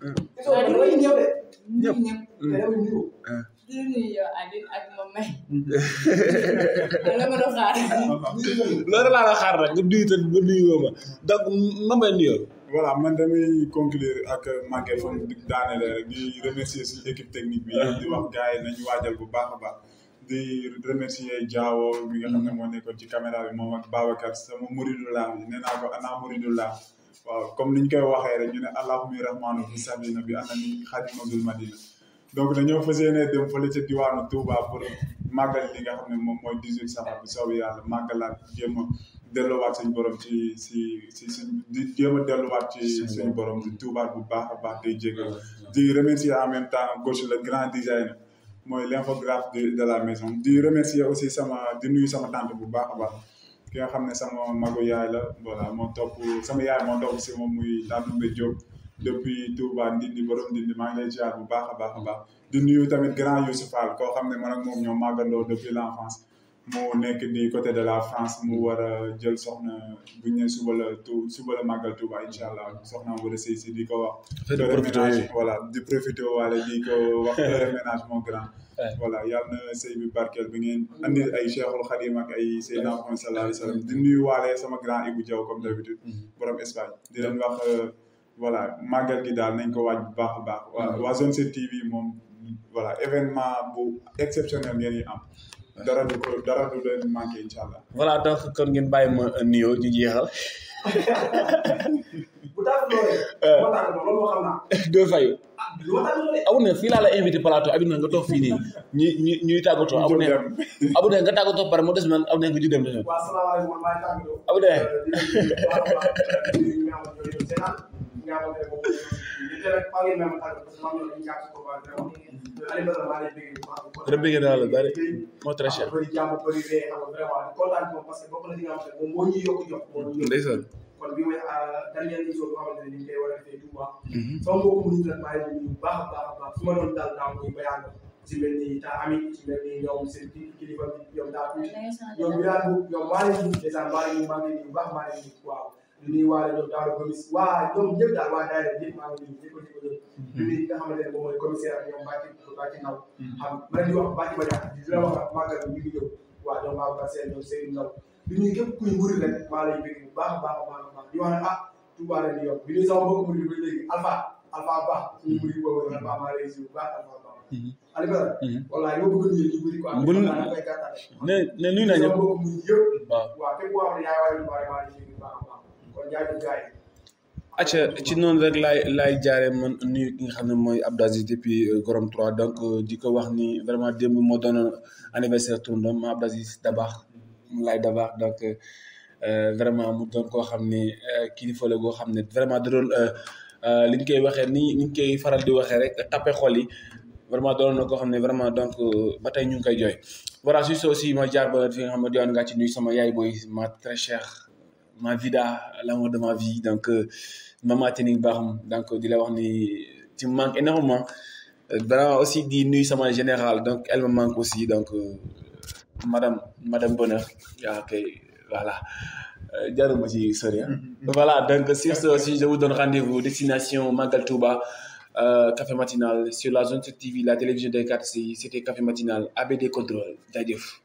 [SPEAKER 8] ñëpp ñëpp
[SPEAKER 1] ñëpp.
[SPEAKER 8] a xaar.
[SPEAKER 3] loolu laa la xaar nga nuyu te nga nuyu woo donc Mame Mbaye nuyoo. voilà man damay conclure ak manqué fan di daanele rek di remercier suñu équipe technique bi. di wax mm. gars yi nañu waajal bu baax a baax. di remercier Diawo mi xam ne moo nekkoon ci caméra bi moom ak Babacar sama muridu laa nee naa ko ana muridu waaw comme niñ koy waxee rek ñu ne allahummi rahmaanu fi sabina bi anani xadima dul madina donc dañoo fas dem fële ca diwaanu Touba pour màggal li nga xam ne moom mooy 18 safar bi soobee yàlla màggalaat jéem a delluwaat suñ borom ci si si si di jéem a delluwaat ci suñ borom di touba bu baax a baax day jégal di remercier en même temps gauche le grand design mooy l'infographe de de la maison di remercier aussi sama di nuyu sama tante bu baax a baax ki nga xam ne sama yaay la voilà sama yaay depuis Touba Ndindi borom Ndindi maa bu nuyu tamit grand depuis l'enfance moo nekk di côté de la France mu war a jël soxna bu ñu nee suba la tu suba la màggal Tuuba incha allah soxna war a si di ko wax. di profité voilà di profité wala di ko wax heure ménage na sëy bi barkeel bi ngeen mm. andi ay Cheikhul Khadim ak ay Seydina Muhammad sallallahu alayhi wa sallam di nuyu waale sama grand Ibou Diaw comme d'habitude mm. borom Espagne di leen wax euh, voilà màggal gi daal nañ ko waaj bu baax a baax. Mm. waa zone 7 TV moom voilà événement bu exceptionnel ngeen yi am. dara du ko dara du leen manqué incha allah.
[SPEAKER 1] voilà donc kon ngeen bàyyi ma nuyoo ñu jeexal. bu taal doo fayu. abu ne fii laa la invité plateau nga toog fii nii ñu ñu ñuy tàggatoo nga tàggatoo pare mu des man abu ne nga ju dem waaw
[SPEAKER 7] salaamaaleykum maa ngi rëbb
[SPEAKER 1] yi daal la bëri moo très cher.
[SPEAKER 7] ndeysaan. kon bi mooy dernière émission boo xamante ne ni ñu koy war a defee Touba. sama mbokku ministre maa ngi leen di baax a baax a baax su ma doon daal daa koy bayaan ci mel ni taa ami ci mel ni ñoom seen kilifa bi ñoom daa tuuti ñoom ñu daan ñoom maa leen di dèjà maa leen di maa leen di baax maa leen di waaw. du nuyu waa ñoom Daara Gomis waa ñoom ñëpp daal waa daara ñëpp maa ngi nuyu ñëpp a jëkko jëkk. du nuyu nga xamante ne moom mooy commissaire ak ñoom Mbacke Mbacke Ndaw. Mm-hmm. xam nga di wax Mbacke Ba Diagne di la wax ak màggal bi ñu ngi ñëw waa ñoom Babacar Sène ñoom Seydou Ndaw du nuyu képp kuy murid rek maa lay bëgg bu baax a baax a baax a baax di wax ne ah Touba la ñuy yokk du nuyu sama mbokk murid ba léegi Alpha Alpha Ba suñu mm-hmm. murid boobu Alpha maa lay bu baax Alpha Ba. Mm-hmm. Alibara. voilà yow bëgg nañu ñu bëri quoi.
[SPEAKER 1] ne ne nuyu naa ñëpp.
[SPEAKER 7] waaw waaw képp koo xam ne yaa ngi waaye acca
[SPEAKER 1] ci noonu rek laay laay jaare man nuyu ki nga xam ne mooy Abdou Aziz depuis euh, Gorom 3 donc euh, di ko wax ni vraiment démb moo doonoon anniversaire tourndom ma Abdou Aziz Dabakh laay Dabakh donc euh, vraiment mu doon koo xam ne kilifa foole goo xam ne vraiment da doon li ñu koy waxee ni ni ñu faral di waxee rek tappe xol yi vraiment doon na koo xam ne vraiment donc ba tey ñu ngi koy jooy voilà su aussi ma jaar ba fi nga xam ne diwaan ngaa ci nuyu sama yaay booy ma très cher ma vida l'amour de ma vie donc euh, maman Tening donc euh, di la tu me manques énormément euh, dana aussi nuit, nuit sama général donc elle me manque aussi donc madame madame Bonheur ah, ok voilà ci hein. mm-hmm. voilà donc sur ce aussi je vous donne rendez-vous destination Magal Touba euh, café matinal sur la zone TV la télévision des 4 c'était café matinal ABD contrôle
[SPEAKER 5] d'ailleurs